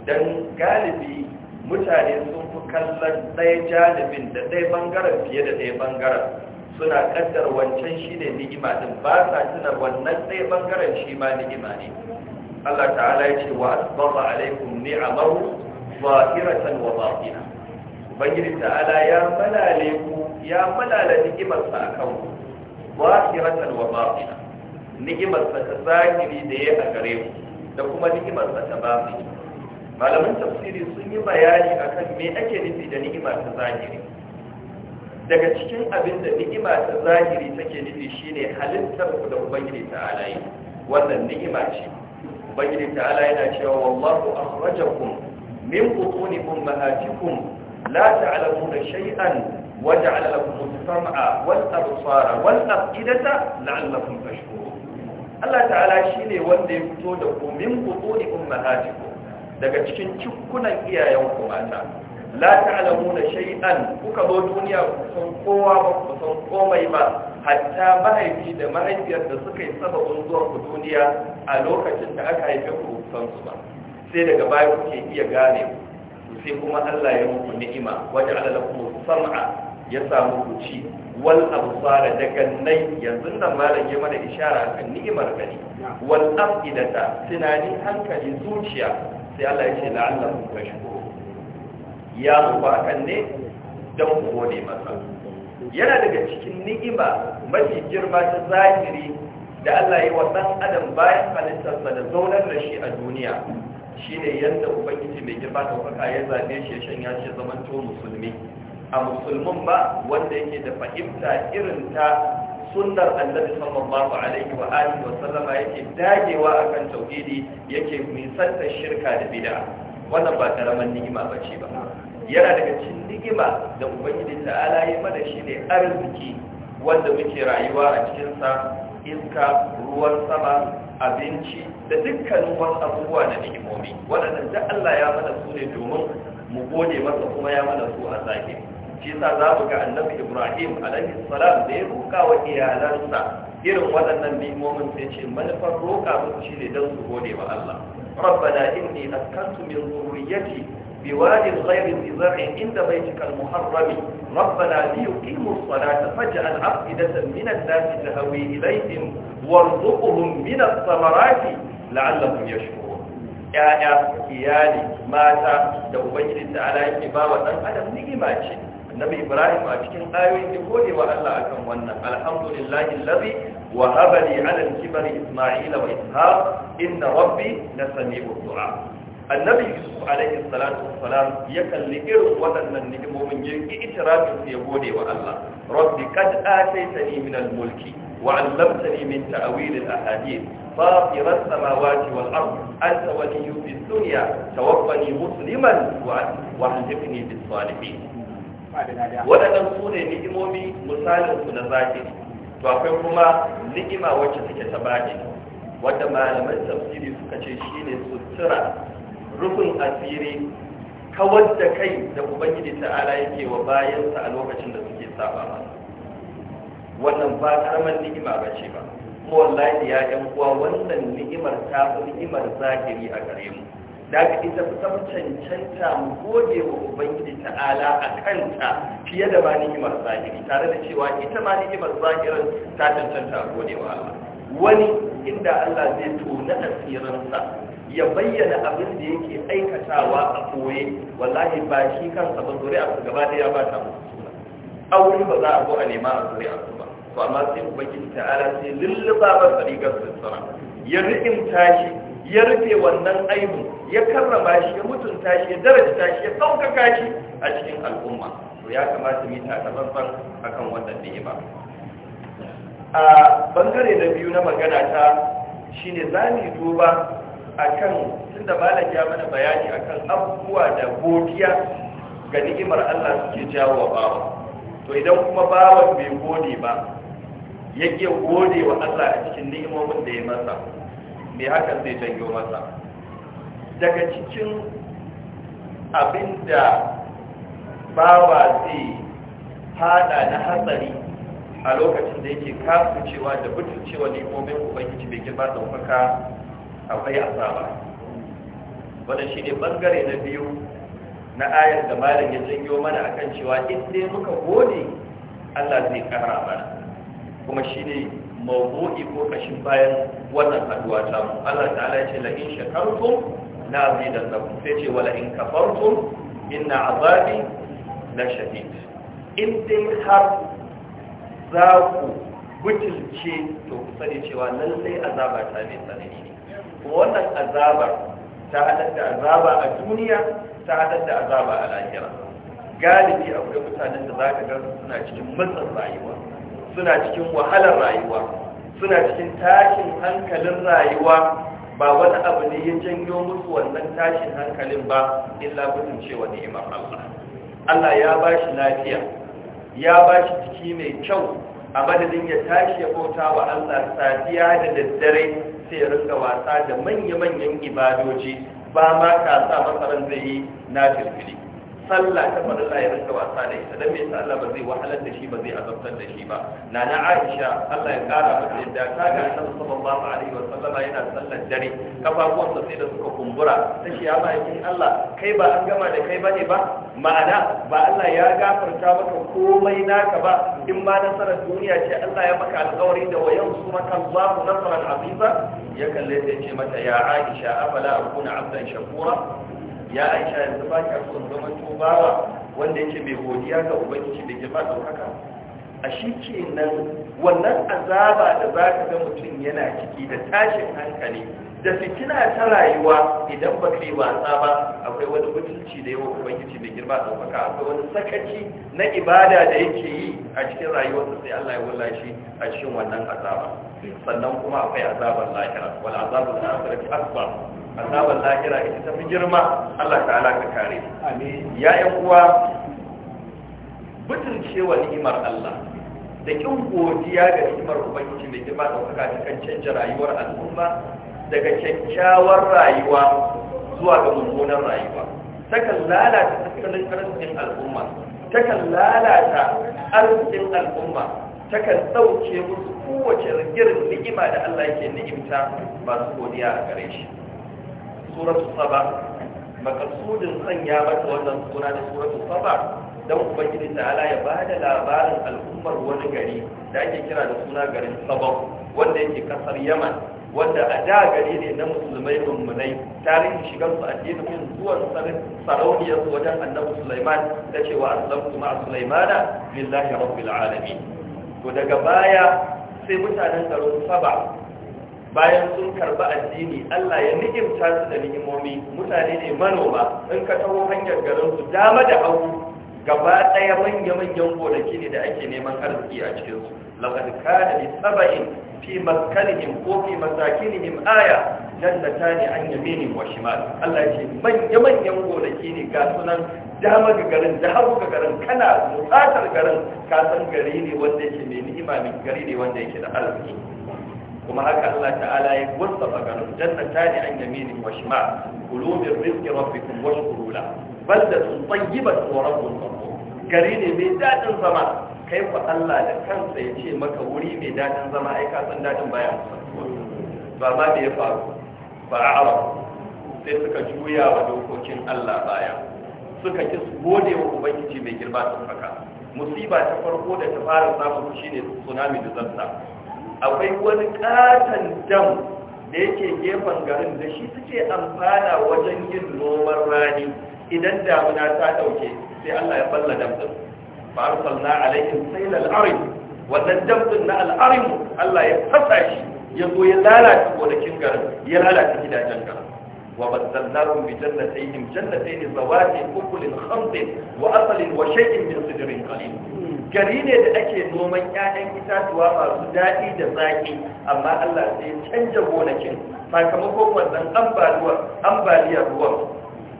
don galibi mutane sun fi kallon ɗaya janibin da ɗaya bangaren fiye da ɗaya ɓangaren suna ƙaddar wancan shi ne ni'ima din ba sa tuna wannan ɗaya ɓangaren shi ma ni'ima ne Allah ta'ala ya ce wa asbaba alaikum ni'amahu zahiratan wa ubangiji ta'ala ya malale ku ya malala ni'imarsa a kan ku zahiratan wa batina ni'imarsa ta zahiri da ya a gare ku da kuma ni'imarsa ta batina malaman tafsiri sun yi bayani akan me ake nufi da ni'ima ta zahiri daga cikin abin da ni'ima ta zahiri take nufi shine halittar ku da ubangiji ta'ala yi wannan ni'ima ce ubangiji ta'ala yana cewa wallahu akhrajakum min butuni ummahatikum لا تعلمون شيئا وجعل لكم السمع والابصار والافئده لعلكم تشكرون Allah ta'ala shi ne wanda ya fito da ku min butuni ummahatikum daga cikin cikkunan iyayenku mata la ta'lamuna shay'an kuka zo duniya ku san kowa ba ku san komai ba hatta mahaifi da mahaifiyar da suka yi sababin zuwa ku duniya a lokacin da aka haife ku san su ba sai daga baya kuke iya gane ku sai kuma Allah ya muku ni'ima wajen alalakum sam'a ya samu ku ci wal absara da gannai yanzu nan malam ya mana ishara kan ni'imar gani wal afidata tunani hankali zuciya sai Allah ya ce la'allakum tashkurun ya zuba kan ne don gode masa yana daga cikin ni'ima mafi girma ta zahiri da Allah ya wa dan adam bayan halittarsa da zaunar da shi a duniya shine yadda ubangiji mai girma da ya zaɓe shi ya shanya shi zaman to musulmi a musulmin ba wanda yake da fahimta irin ta sunnar annabi sallallahu alaihi wa alihi wa sallama yake dagewa akan tauhidi yake misalta shirka da bid'a wannan ba karaman ni'ima ce ba yana daga cikin ni'ima da ubangiji ta'ala ya mana shine arziki wanda muke rayuwa a cikin sa iska ruwan sama abinci da dukkanin wasu abubuwa na ni'imomi waɗanda da Allah ya mana su ne domin mu gode masa kuma ya mana su a sake. shi sa za mu ga annabi Ibrahim alaihi salam da ya roƙa wa iyalansa irin waɗannan ni'imomin sai ce manufar roƙa musu shi ne don su gode wa Allah rabbana inni askantu min zurriyyati بواجب غير انتظار عند بيتك المحرم ربنا ليقيموا الصلاة فاجعل عقدة من الناس تهوي إليهم وارزقهم من الثمرات لعلهم يشكرون يا كيالي ماتا لو بجلس على إبا وطن ألم نجي ماشي النبي إبراهيم أشكين قايوي تقولي وألا أكم وأن الحمد لله الذي وهب لي على الكبر إسماعيل وإسحاق إن ربي لسميع الدعاء annabi yusuf alaihi salatu wassalam ya kalli irin waɗannan ni'imomin ya yi itirafin ya gode wa Allah rabbi qad ataitani min al-mulki wa 'allamtani min ta'wil al-ahadith fatir as-samawati wal ard anta waliyyi fid dunya tawaffani musliman wa ahlifni bis salihin waɗannan su ne ni'imomi misalin su na zahiri to akwai kuma ni'ima wacce take ta bani wanda malaman tafsiri suka ce shine sutura rufin asiri kawar da kai da ubangiji ta'ala yake wa bayansa a lokacin da suke saba masa wannan ba karamar ni'ima ba ce ba kuma wallahi ya yan uwa wannan ni'imar ta fi ni'imar zahiri a gare mu da ka ita fi ta cancanta mu gode wa ubangiji ta'ala a kanta fiye da ma ni'imar zahiri tare da cewa ita ma ni'imar zahirin ta cancanta a gode wa Allah wani inda Allah zai tona asirinsa ya bayyana abin da yake aikatawa a koye wallahi ba shi kan ba zuri a gaba da ya ba ta aure ba za a zo a nema a zuri a ba to amma sai ubangiji ta'ala sai lulluba ba tsarigar sassara ya rikin tashi ya rufe wannan aibu ya karrama shi ya mutunta shi ya daraja shi ya ɗaukaka shi a cikin al'umma to ya kamata mu ta tabbatar akan wannan da ba a bangare na biyu na magana ta shine zamu duba akan da malam ya mana bayani akan abubuwa da godiya ga ni'imar Allah suke jawo wa bawa to idan kuma bawan bai gode ba yake gode wa Allah a cikin ni'imomin da ya masa mai hakan zai janyo masa daga cikin abinda bawa zai fada na hatsari a lokacin da yake kafin cewa da butun cewa ni'imomin ubangiji bai girma da mafaka akwai azaba wannan shi ne bangare na biyu na ayar da malam ya janyo mana akan cewa in dai muka gode Allah zai kara mana kuma shi ne mawdu'i ko kashin bayan wannan haduwa ta mu Allah ta'ala ya ce la in shakartum la azidannakum sai ce wala in kafartum inna azabi na shadid in dai har za ku butulce to ku sani cewa lallai azaba ta ne tsanani ne wannan azabar ta hada da azaba a duniya ta hada da azaba a lahira galibi akwai mutanen da za ka ga suna cikin matsin rayuwa suna cikin wahalar rayuwa suna cikin tashin hankalin rayuwa ba wani abu ne ya janyo musu wannan tashin hankalin ba illa gudun cewa ni'imar Allah Allah ya ba shi lafiya ya ba shi jiki mai kyau a madadin ya tashi ya bauta wa Allah safiya da daddare sai ya ringa wasa da manya-manyan ibadoji ba ma ka sa masaran zai yi na firfiri sallah ta farilla ya rinka wasa da ita dan me yasa Allah ba zai wahalar da shi ba zai azabtar da shi ba nana Aisha Allah ya kara mata yadda ta ga Annabi sallallahu alaihi wa sallama yana sallar dare kafafuwansa sai da suka kumbura ta ce ya bayan Allah kai ba an gama da kai bane ba ma'ana ba Allah ya gafarta maka komai naka ba in ma nasarar duniya ce Allah ya maka alƙawari da wayan su maka Allahu nasaran aziza ya kalle sai ce mata ya Aisha afala akuna abdan shakura ya aisha yanzu ba ka son zama tubawa wanda yake mai godiya ga ubangiji da girma ɗaukaka a shi ke nan wannan azaba da za ka ga mutum yana ciki da tashin hankali da fitina ta rayuwa idan ba kai wasa ba akwai wani mutunci da yawa ubangiji da girma ka? akwai wani sakaci na ibada da yake yi a cikin rayuwarsa sai allah ya wulla shi a cikin wannan azaba sannan kuma akwai azabar lahira wal azabul akhirati akbar azabar lahira ita ta fi girma Allah ta'ala ka kare ya yan uwa cewa ni'imar Allah da kin godiya ga ni'imar ubangiji mai girma da kuka cikin canja rayuwar al'umma daga kyakkyawar rayuwa zuwa ga mummunan rayuwa takan lalata tattalin arzikin al'umma takan lalata arzikin al'umma takan ɗauke musu kowace rigirin ni'ima da Allah yake ni'imta ba su godiya a gare shi suratu saba makasudin sanya mata wannan suna da suratu saba don ubangiji ta'ala ya bada labarin al'ummar wani gari da ake kira da suna garin sabon wanda yake kasar yaman wanda a da gari ne na musulmai mummunai tarihin shigar su addinin yin zuwan sarauniyar su wajen annabi sulaiman da cewa wa aslamtu ma sulaimana lillahi rabbil alamin to daga baya sai mutanen garin saba bayan sun karba addini Allah ya nigimta su da ni'imomi mutane ne manoma in ka taho hanyar garin dama da hagu gaba daya manya-manyan gonaki ne da ake neman arziki a cikin su laqad kana li sab'in fi maskalihim ko fi masakinihim aya ne an yaminin wa shimal Allah ya ce manya-manyan gonaki ne ga sunan dama ga garin da hagu ga garin kana bukatar garin ka san gari ne wanda yake ne ni'ima gari ne wanda yake da arziki kuma haka Allah ta'ala ya gusta maganar jannata ne an yaminin wa shima kulu min rizqi rabbikum washkuru la baldatun tayyibatun tsoron rabbun ghafur gari ne mai dadin zama kai ku Allah da kansa ya ce maka wuri mai daɗin zama ai ka san dadin baya ba ma da ya faru ba awa sai suka juya wa dokokin Allah baya suka ki gode wa ubangiji mai girma sun faka musiba ta farko da ta fara samu shine tsunami da zanta akwai wani katon dam da yake gefen garin da shi suke amfana wajen yin noman rani idan damuna ta dauke sai Allah ya balla dam Ba a arsalna alaihim sayl al wannan dam na al Allah ya fasa shi ya zo ya lalata gonakin garin ya lalata gidajen garin وبدلناهم بجنتين جنتين ذوات wa خمط واصل وشيء من صدر قليل gari ne da ake noman 'ya'yan itatuwa masu daɗi da zaƙi amma Allah sai ya canja gonakin sakamakon wannan ambaliya ruwa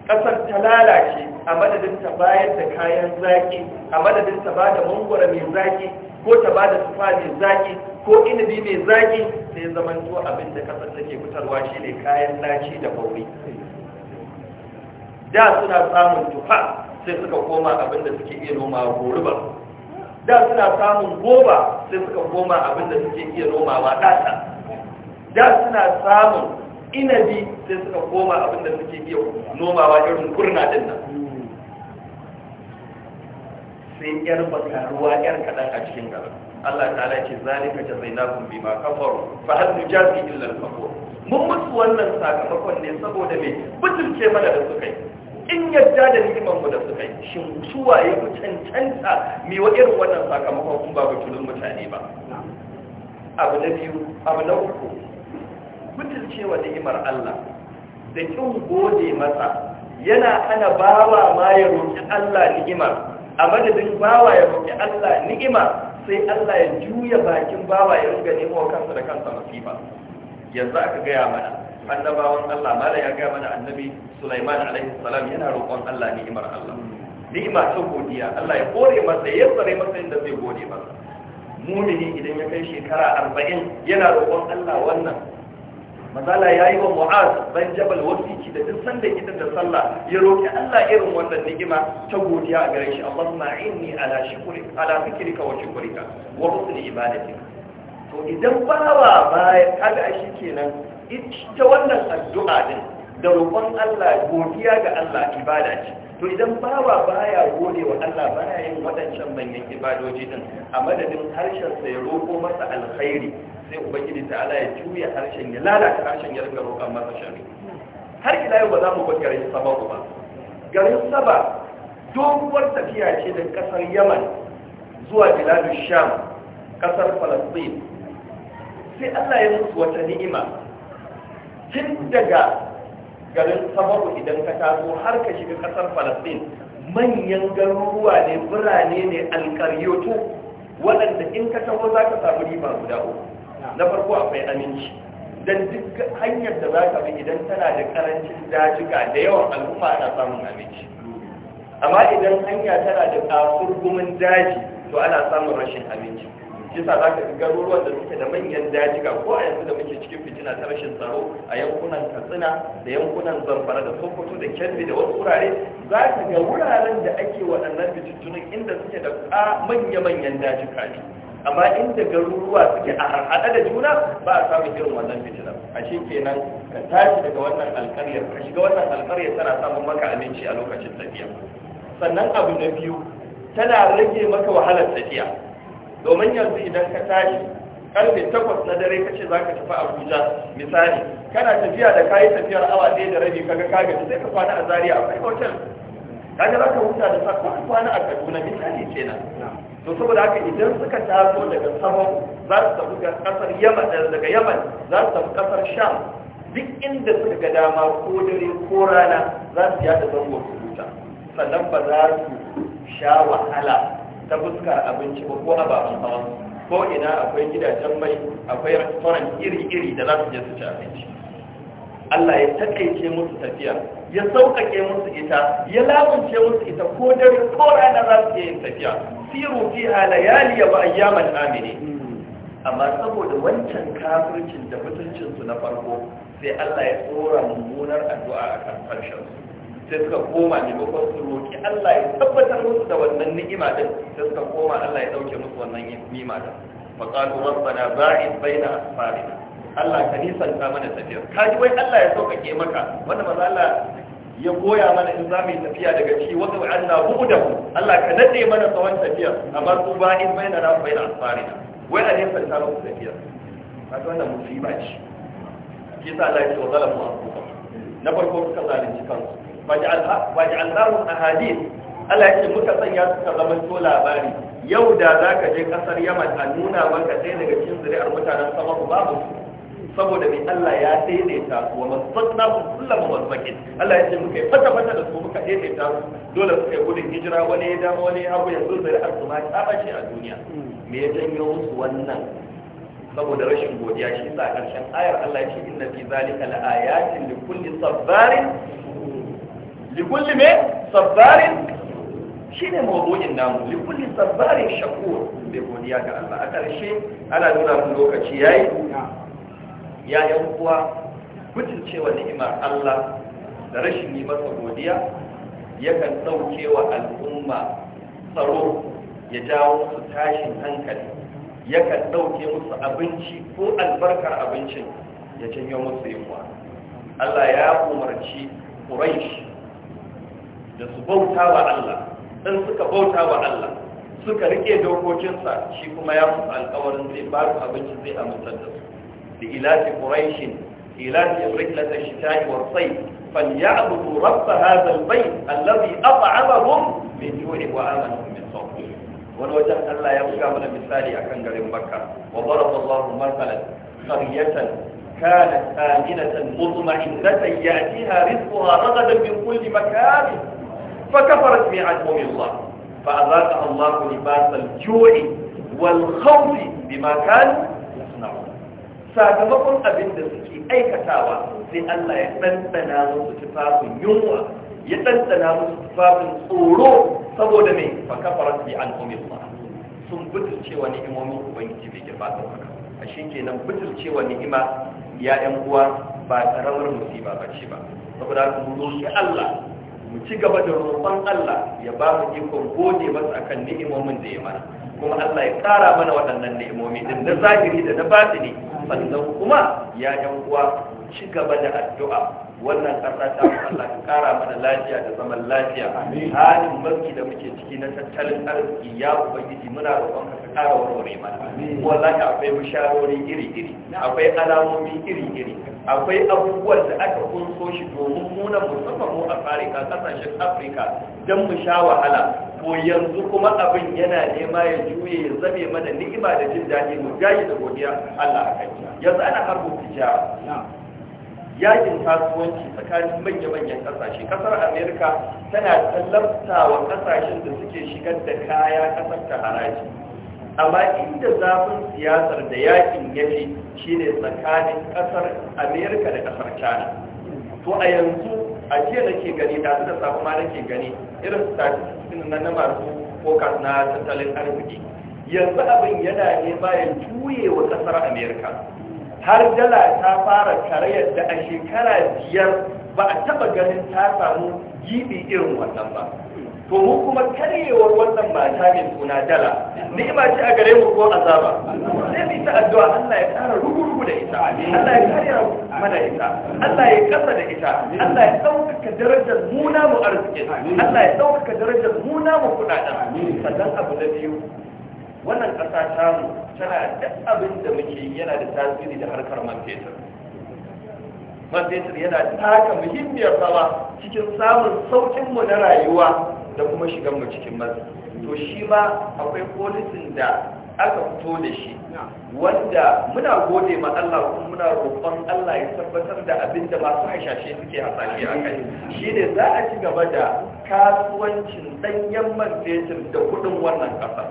ƙasar ta lalace a madadin ta bayar da kayan zaƙi a madadin ta bada mangwara mai zaƙi ko ta bada tufa mai zaƙi ko inabi mai zaƙi sai zamanto abin da kasar take fitarwa shi ne kayan naci da bauri da suna samun tufa sai suka koma abin da suke iya noma goruba da suna samun goma sai suka goma abin da suke iya nomawa ɗasa da suna samun inabi sai suka goma abin da suke iya nomawa irin kurna din nan sai yar ruwa yar kaɗan a cikin gaba Allah ta'ala ce zalika jazainakum bima kafaru fa hal nujazi illa al mun musu wannan sakamakon ne saboda me butulce mana da suka yi in yadda da ni'imar mu da suka yi shin suwa ya ku cancanta mai wa irin wannan sakamakon kuma ba ku mutane ba abu na biyu abu na uku butulcewa ni'imar Allah da kin gode masa yana hana bawa ma ya roƙi Allah ni'imar a madadin bawa ya roƙi Allah ni'ima sai Allah ya juya bakin bawa ya ruga nemo kansa da kansa masifa yanzu aka gaya mana annabawan Allah mala ya ga mana annabi Sulaiman alaihi salam yana roƙon Allah ni'imar Allah ni'ima ta godiya Allah ya kore masa ya tsare masa inda zai gode masa mumini idan ya kai shekara 40 yana roƙon Allah wannan mazala ya yi wa mu'az ban jabal wasiki da duk sanda ita da sallah ya roƙi Allah irin wannan ni'ima ta godiya a gare shi Allahumma inni ala shukrika ala zikrika wa shukrika wa husni ibadatika to idan bawa baya kaga shi kenan ita wannan addu'a din da roƙon Allah godiya ga Allah ibada ce to idan bawa baya gode wa Allah baya yin waɗancan manyan ibadoji din a madadin harshen sa ya roƙo masa alkhairi sai ubangiji ala ya juya harshen ya lalata harshen ya rinka roƙon masa shari har ila yau ba za mu bar garin saba ba garin saba doguwar tafiya ce da ƙasar yaman zuwa biladu sham ƙasar falastin sai Allah ya musu wata ni'ima tun daga garin sababu idan ka taso har ka shiga kasar falastin manyan garuruwa ne birane ne alkaryoto waɗanda in ka taho za ka samu riba guda uku na farko akwai aminci don duk hanyar da za ka bi idan tana da karancin dajika da yawan al'umma ana samun aminci amma idan hanya tana da kasurgumin daji to ana samun rashin aminci shi za ka ga garuruwan da suke da manyan dajiga ko a yanzu da muke cikin fitina ta rashin tsaro a yankunan katsina da yankunan zamfara da sokoto da kyanbi da wasu wurare za ka ga wuraren da ake waɗannan fitattunan inda suke da manya-manyan dajiga ne amma inda garuruwa suke a harhaɗa da juna ba a samun irin wannan fitina a shi kenan ka tashi daga wannan alƙaryar ka shiga wannan alƙaryar tana samun maka aminci a lokacin tafiya sannan abu na biyu tana rage maka wahalar tafiya domin yanzu idan ka tashi karfe takwas na dare ka ce za ka tafi abuja misali kana tafiya da kayi tafiyar awa ɗaya da rabi kaga ka gaji sai ka kwana a zaria akwai hotel kaga za ka huta da sa kwana a kaduna misali kenan to saboda haka idan suka taso daga sabon za su tafi ga kasar yaman eh, daga yaman za su tafi kasar sham duk inda suka ga dama ko dare ko rana za su yada zango su huta sannan ba za su sha wahala ta fuskar abinci ba ko ababen hawa ko ina akwai gidajen mai akwai restaurant iri-iri da za su je su ci abinci Allah ya takaice musu tafiya ya sauƙaƙe musu ita ya lamunce musu ita ko dare ko rana za su yin tafiya siru fi halayali wa ayyaman amini amma saboda wancan kafircin da mutuncinsu na farko sai Allah ya tsora mummunar addu'a a kan su sai suka koma ne bakon su roƙi Allah ya tabbatar musu da wannan ni'ima din sai suka koma Allah ya dauke musu wannan ni'ima din fa qalu rabbana ba'id baina asfarina Allah ka nisanta mana tafiya ka ji wai Allah ya ke maka wanda manzo Allah ya goya mana in za mu yi tafiya daga ci wata wa Allah budahu Allah ka nade mana tsawon tafiya amma su ba'id baina na baina asfarina wai a nisanta musu tafiya kaga wannan musiba ba shi sa Allah ya ce wa zalamu na farko suka zalunci kansu waj'alnahum ahadith Allah ala ce muka sanya su ka zama to labari yau da za ka je kasar Yaman a nuna maka sai daga cikin zuri'ar mutanen sama babu saboda mai Allah ya daidaita su wa masbatna ku kullum masbakin Allah ya ce muka yi fata fata da su muka daidaita su dole suka yi gudun hijira wani ya dama wani abu ya zo zai arzu ma ta bace a duniya me ya janyo musu wannan saboda rashin godiya shi sa karshen ayar Allah ya ce inna fi zalika laayatin li kulli sabarin likulli me sabbarin shi ne mawuzo'in namu likulli sabbarin shakur mai godiya ga Allah a ƙarshe ana nuna mun lokaci ya yi ya yi kuwa mutuncewa ni'imar Allah da rashin yi masa godiya yakan ɗaukewa al'umma tsaro ya jawo su tashin hankali yakan ɗauke musu abinci ko albarkar abincin ya janyo musu yunwa Allah ya umarci Quraysh da su bauta wa Allah dan suka bauta wa Allah suka rike dokokinsa shi kuma ya musu alƙawarin zai ba su abinci zai amintar da su da ilafi quraishin ilafi riklat ash-shita'i wa sayf falyabudu rabb hadha bai bayt alladhi at'amahum mai ju'in wa amanahum mai khawf wani wajen Allah ya buga mana misali akan garin Makka wa daraba Allahu masalan qaryatan كانت آمنة مطمئنة يأتيها رزقها رغدا من كل مكان فكفرت بأنعم الله فأذاقها الله لباس الجوع والخوف بما كانوا يصنعون sakamakon abin da suke aikatawa sai Allah ya ɗanɗana musu tufafin yunwa ya ɗanɗana musu tufafin tsoro saboda mai fakafarar bi al'ummin ba sun ni'imomin ubangiji mai girma da haka a shi kenan butulcewa ni'ima ya yan uwa ba karamar musiba ba ce ba saboda haka roƙi Allah mu ci gaba da roƙon Allah ya ba mu ikon gode masa akan ni'imomin da ya mana kuma Allah ya kara mana waɗannan ni'imomi din na zahiri da na batini sannan kuma ya yan uwa ci gaba da addu'a wannan ƙasa ta Allah ya kara mana lafiya da zaman lafiya halin mulki da muke ciki na tattalin arziki ya ubangiji muna roƙon ka ƙara warware mana wallahi akwai musharori iri-iri akwai alamomi iri-iri akwai abubuwan da aka kunso shi domin muna musamman mu a farika kasashen afirka don mu sha wahala ko yanzu kuma abin yana nema ya juye ya zame mana ni'ima da jin daɗi mu gayi da godiya allah a kai yanzu ana harbo tijara yakin kasuwanci tsakanin manya-manyan kasashe kasar amerika tana tallafta wa kasashen da suke shigar da kaya kasar ta haraji amma inda zafin siyasar da yakin yake shine tsakanin kasar amerika da kasar china to a yanzu a jiya nake gani da su da safi ma nake gani irin statistics na na masu focus na tattalin arziki yanzu abin yana ne bayan juye wa kasar amerika har dala ta fara kare da a shekara biyar ba a taba ganin ta samu gibi irin wannan ba to mu kuma karyewar wannan mata mai suna dala ni'ima ce a gare mu ko azaba sai mu ta addu'a Allah ya kara rugurugu da ita Allah ya kariya mana ita Allah ya kasa da ita Allah ya dauka darajar mu na mu arziki Allah ya dauka darajar mu na mu kudaden sannan abu da biyu wannan kasa ta mu tana da abin da muke yana da tasiri da harkar man fetur man fetur yana taka muhimmiyar rawa cikin samun saukin mu na rayuwa da kuma shigan mu cikin maza to shi ma akwai folitin da aka fito da shi wanda muna gode ma Allah kuma muna roƙon Allah ya tabbatar da abin da masu hashashe suke hasashe a kai shi ne za a ci gaba da kasuwancin ɗanyen man fetur da kuɗin wannan ƙasa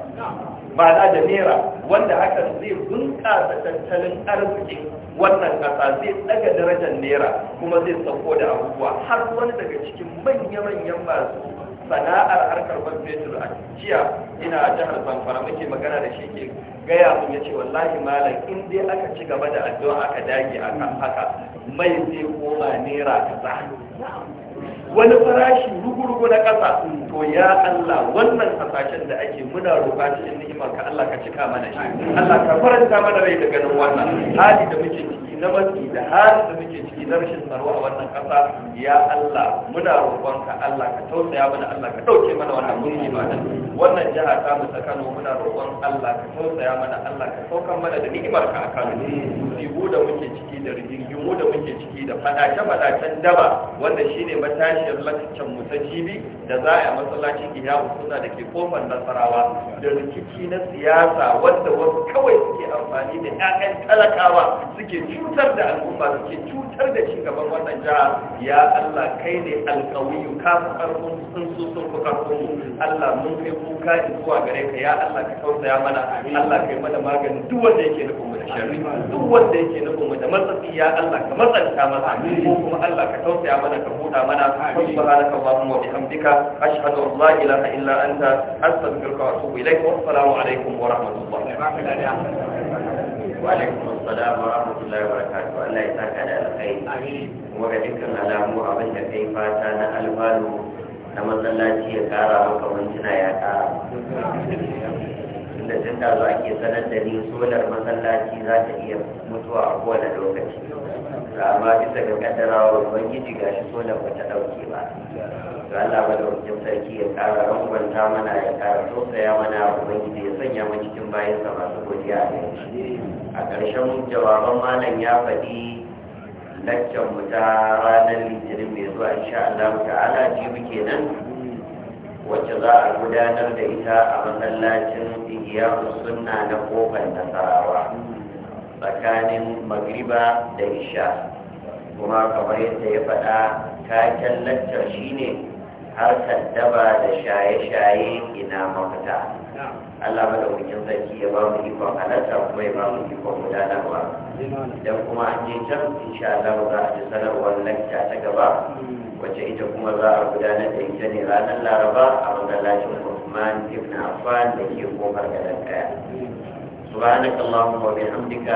ba da naira wanda hakan zai bunƙasa tattalin arziki wannan ƙasa zai ɗaga darajar naira kuma zai sauko da abubuwa har wani daga cikin manya-manyan masu sana'ar harkar man fetur a jiya ina jihar zamfara muke magana da shi ke gaya mun ya wallahi malam in dai aka ci gaba da addu'a aka dage a kan haka mai zai koma naira kaza wani farashi rugurugu na ƙasa to ya Allah wannan hasashen da ake muna roƙa cikin ni'imar ka Allah ka cika mana shi Allah ka faranta mana rai da ganin wannan hali da muke ciki na matsi da halin da muke ciki na rashin tsaro a wannan ƙasa ya Allah muna roƙonka Allah ka tausaya mana Allah ka ɗauke mana wannan mulki ba nan wannan jiha ta mu ta Kano muna roƙon Allah ka tausaya mana Allah ka saukar mana da ni'imarka a Kano musibu da muke ciki da rigingimu da muke ciki da fadace-fadacen daba wanda shine matashiyar lakacin mu ta jibi da za a yi masallacin iyawu suna da ke kofar nasarawa da rikici na siyasa wanda wasu kawai suke amfani da ƴaƴan talakawa suke cikin cutar da al'umma suke cutar da shi wannan jihar ya Allah kai ne alƙawiyu ka fi ƙarfin sun so sun fi ƙarfin Allah mun kai kuka zuwa gare ka ya Allah ka tausaya mana Allah kai mana maganin duk wanda yake nufin mu da sharri duk wanda yake nufin mu da matsatsi ya Allah ka matsanta mana ko kuma Allah ka tausaya mana ka buɗa mana subhanaka allahumma wa bihamdika ashhadu an la ilaha illa anta astaghfiruka wa atubu ilaik wa assalamu alaikum wa rahmatullahi wa barakatuh wa alaikum assalam wa rahmatullahi wa barakatuh Allah ya saka da alkhairi kuma ga dukkan alamu abin da kai fata na alfanu na masallaci ya kara maka mintuna ya kara tunda tun da zo ake sanar da ni solar masallaci za ta iya mutuwa a kowane lokaci amma bisa kaddarawa ubangiji ga shi ba ta dauke ba to Allah ba da wajen sarki ya kara rangwanta mana ya kara tausaya mana gida ya sanya mu cikin bayansa masu godiya a yanzu a ƙarshen jawaban malam ya faɗi laccan mu ta ranar litinin mai zuwa insha Allah ta'ala jibi kenan wacce za a gudanar da ita a masallacin iyakun sunna na kofar nasarawa tsakanin magriba da isha kuma kamar yadda ya faɗa taken laccar shine harkar daba da shaye-shaye ina mafita Allah ba da wajen sarki ya ba mu ikon halarta kuma ya ba mu ikon gudanarwa idan kuma an je can insha Allah za a ji sanarwar lakta ta gaba wacce ita kuma za a gudanar da ita ne ranar laraba a masallacin Usman ibn Affan da ke kofar gadon kaya subhanakallahumma wa bihamdika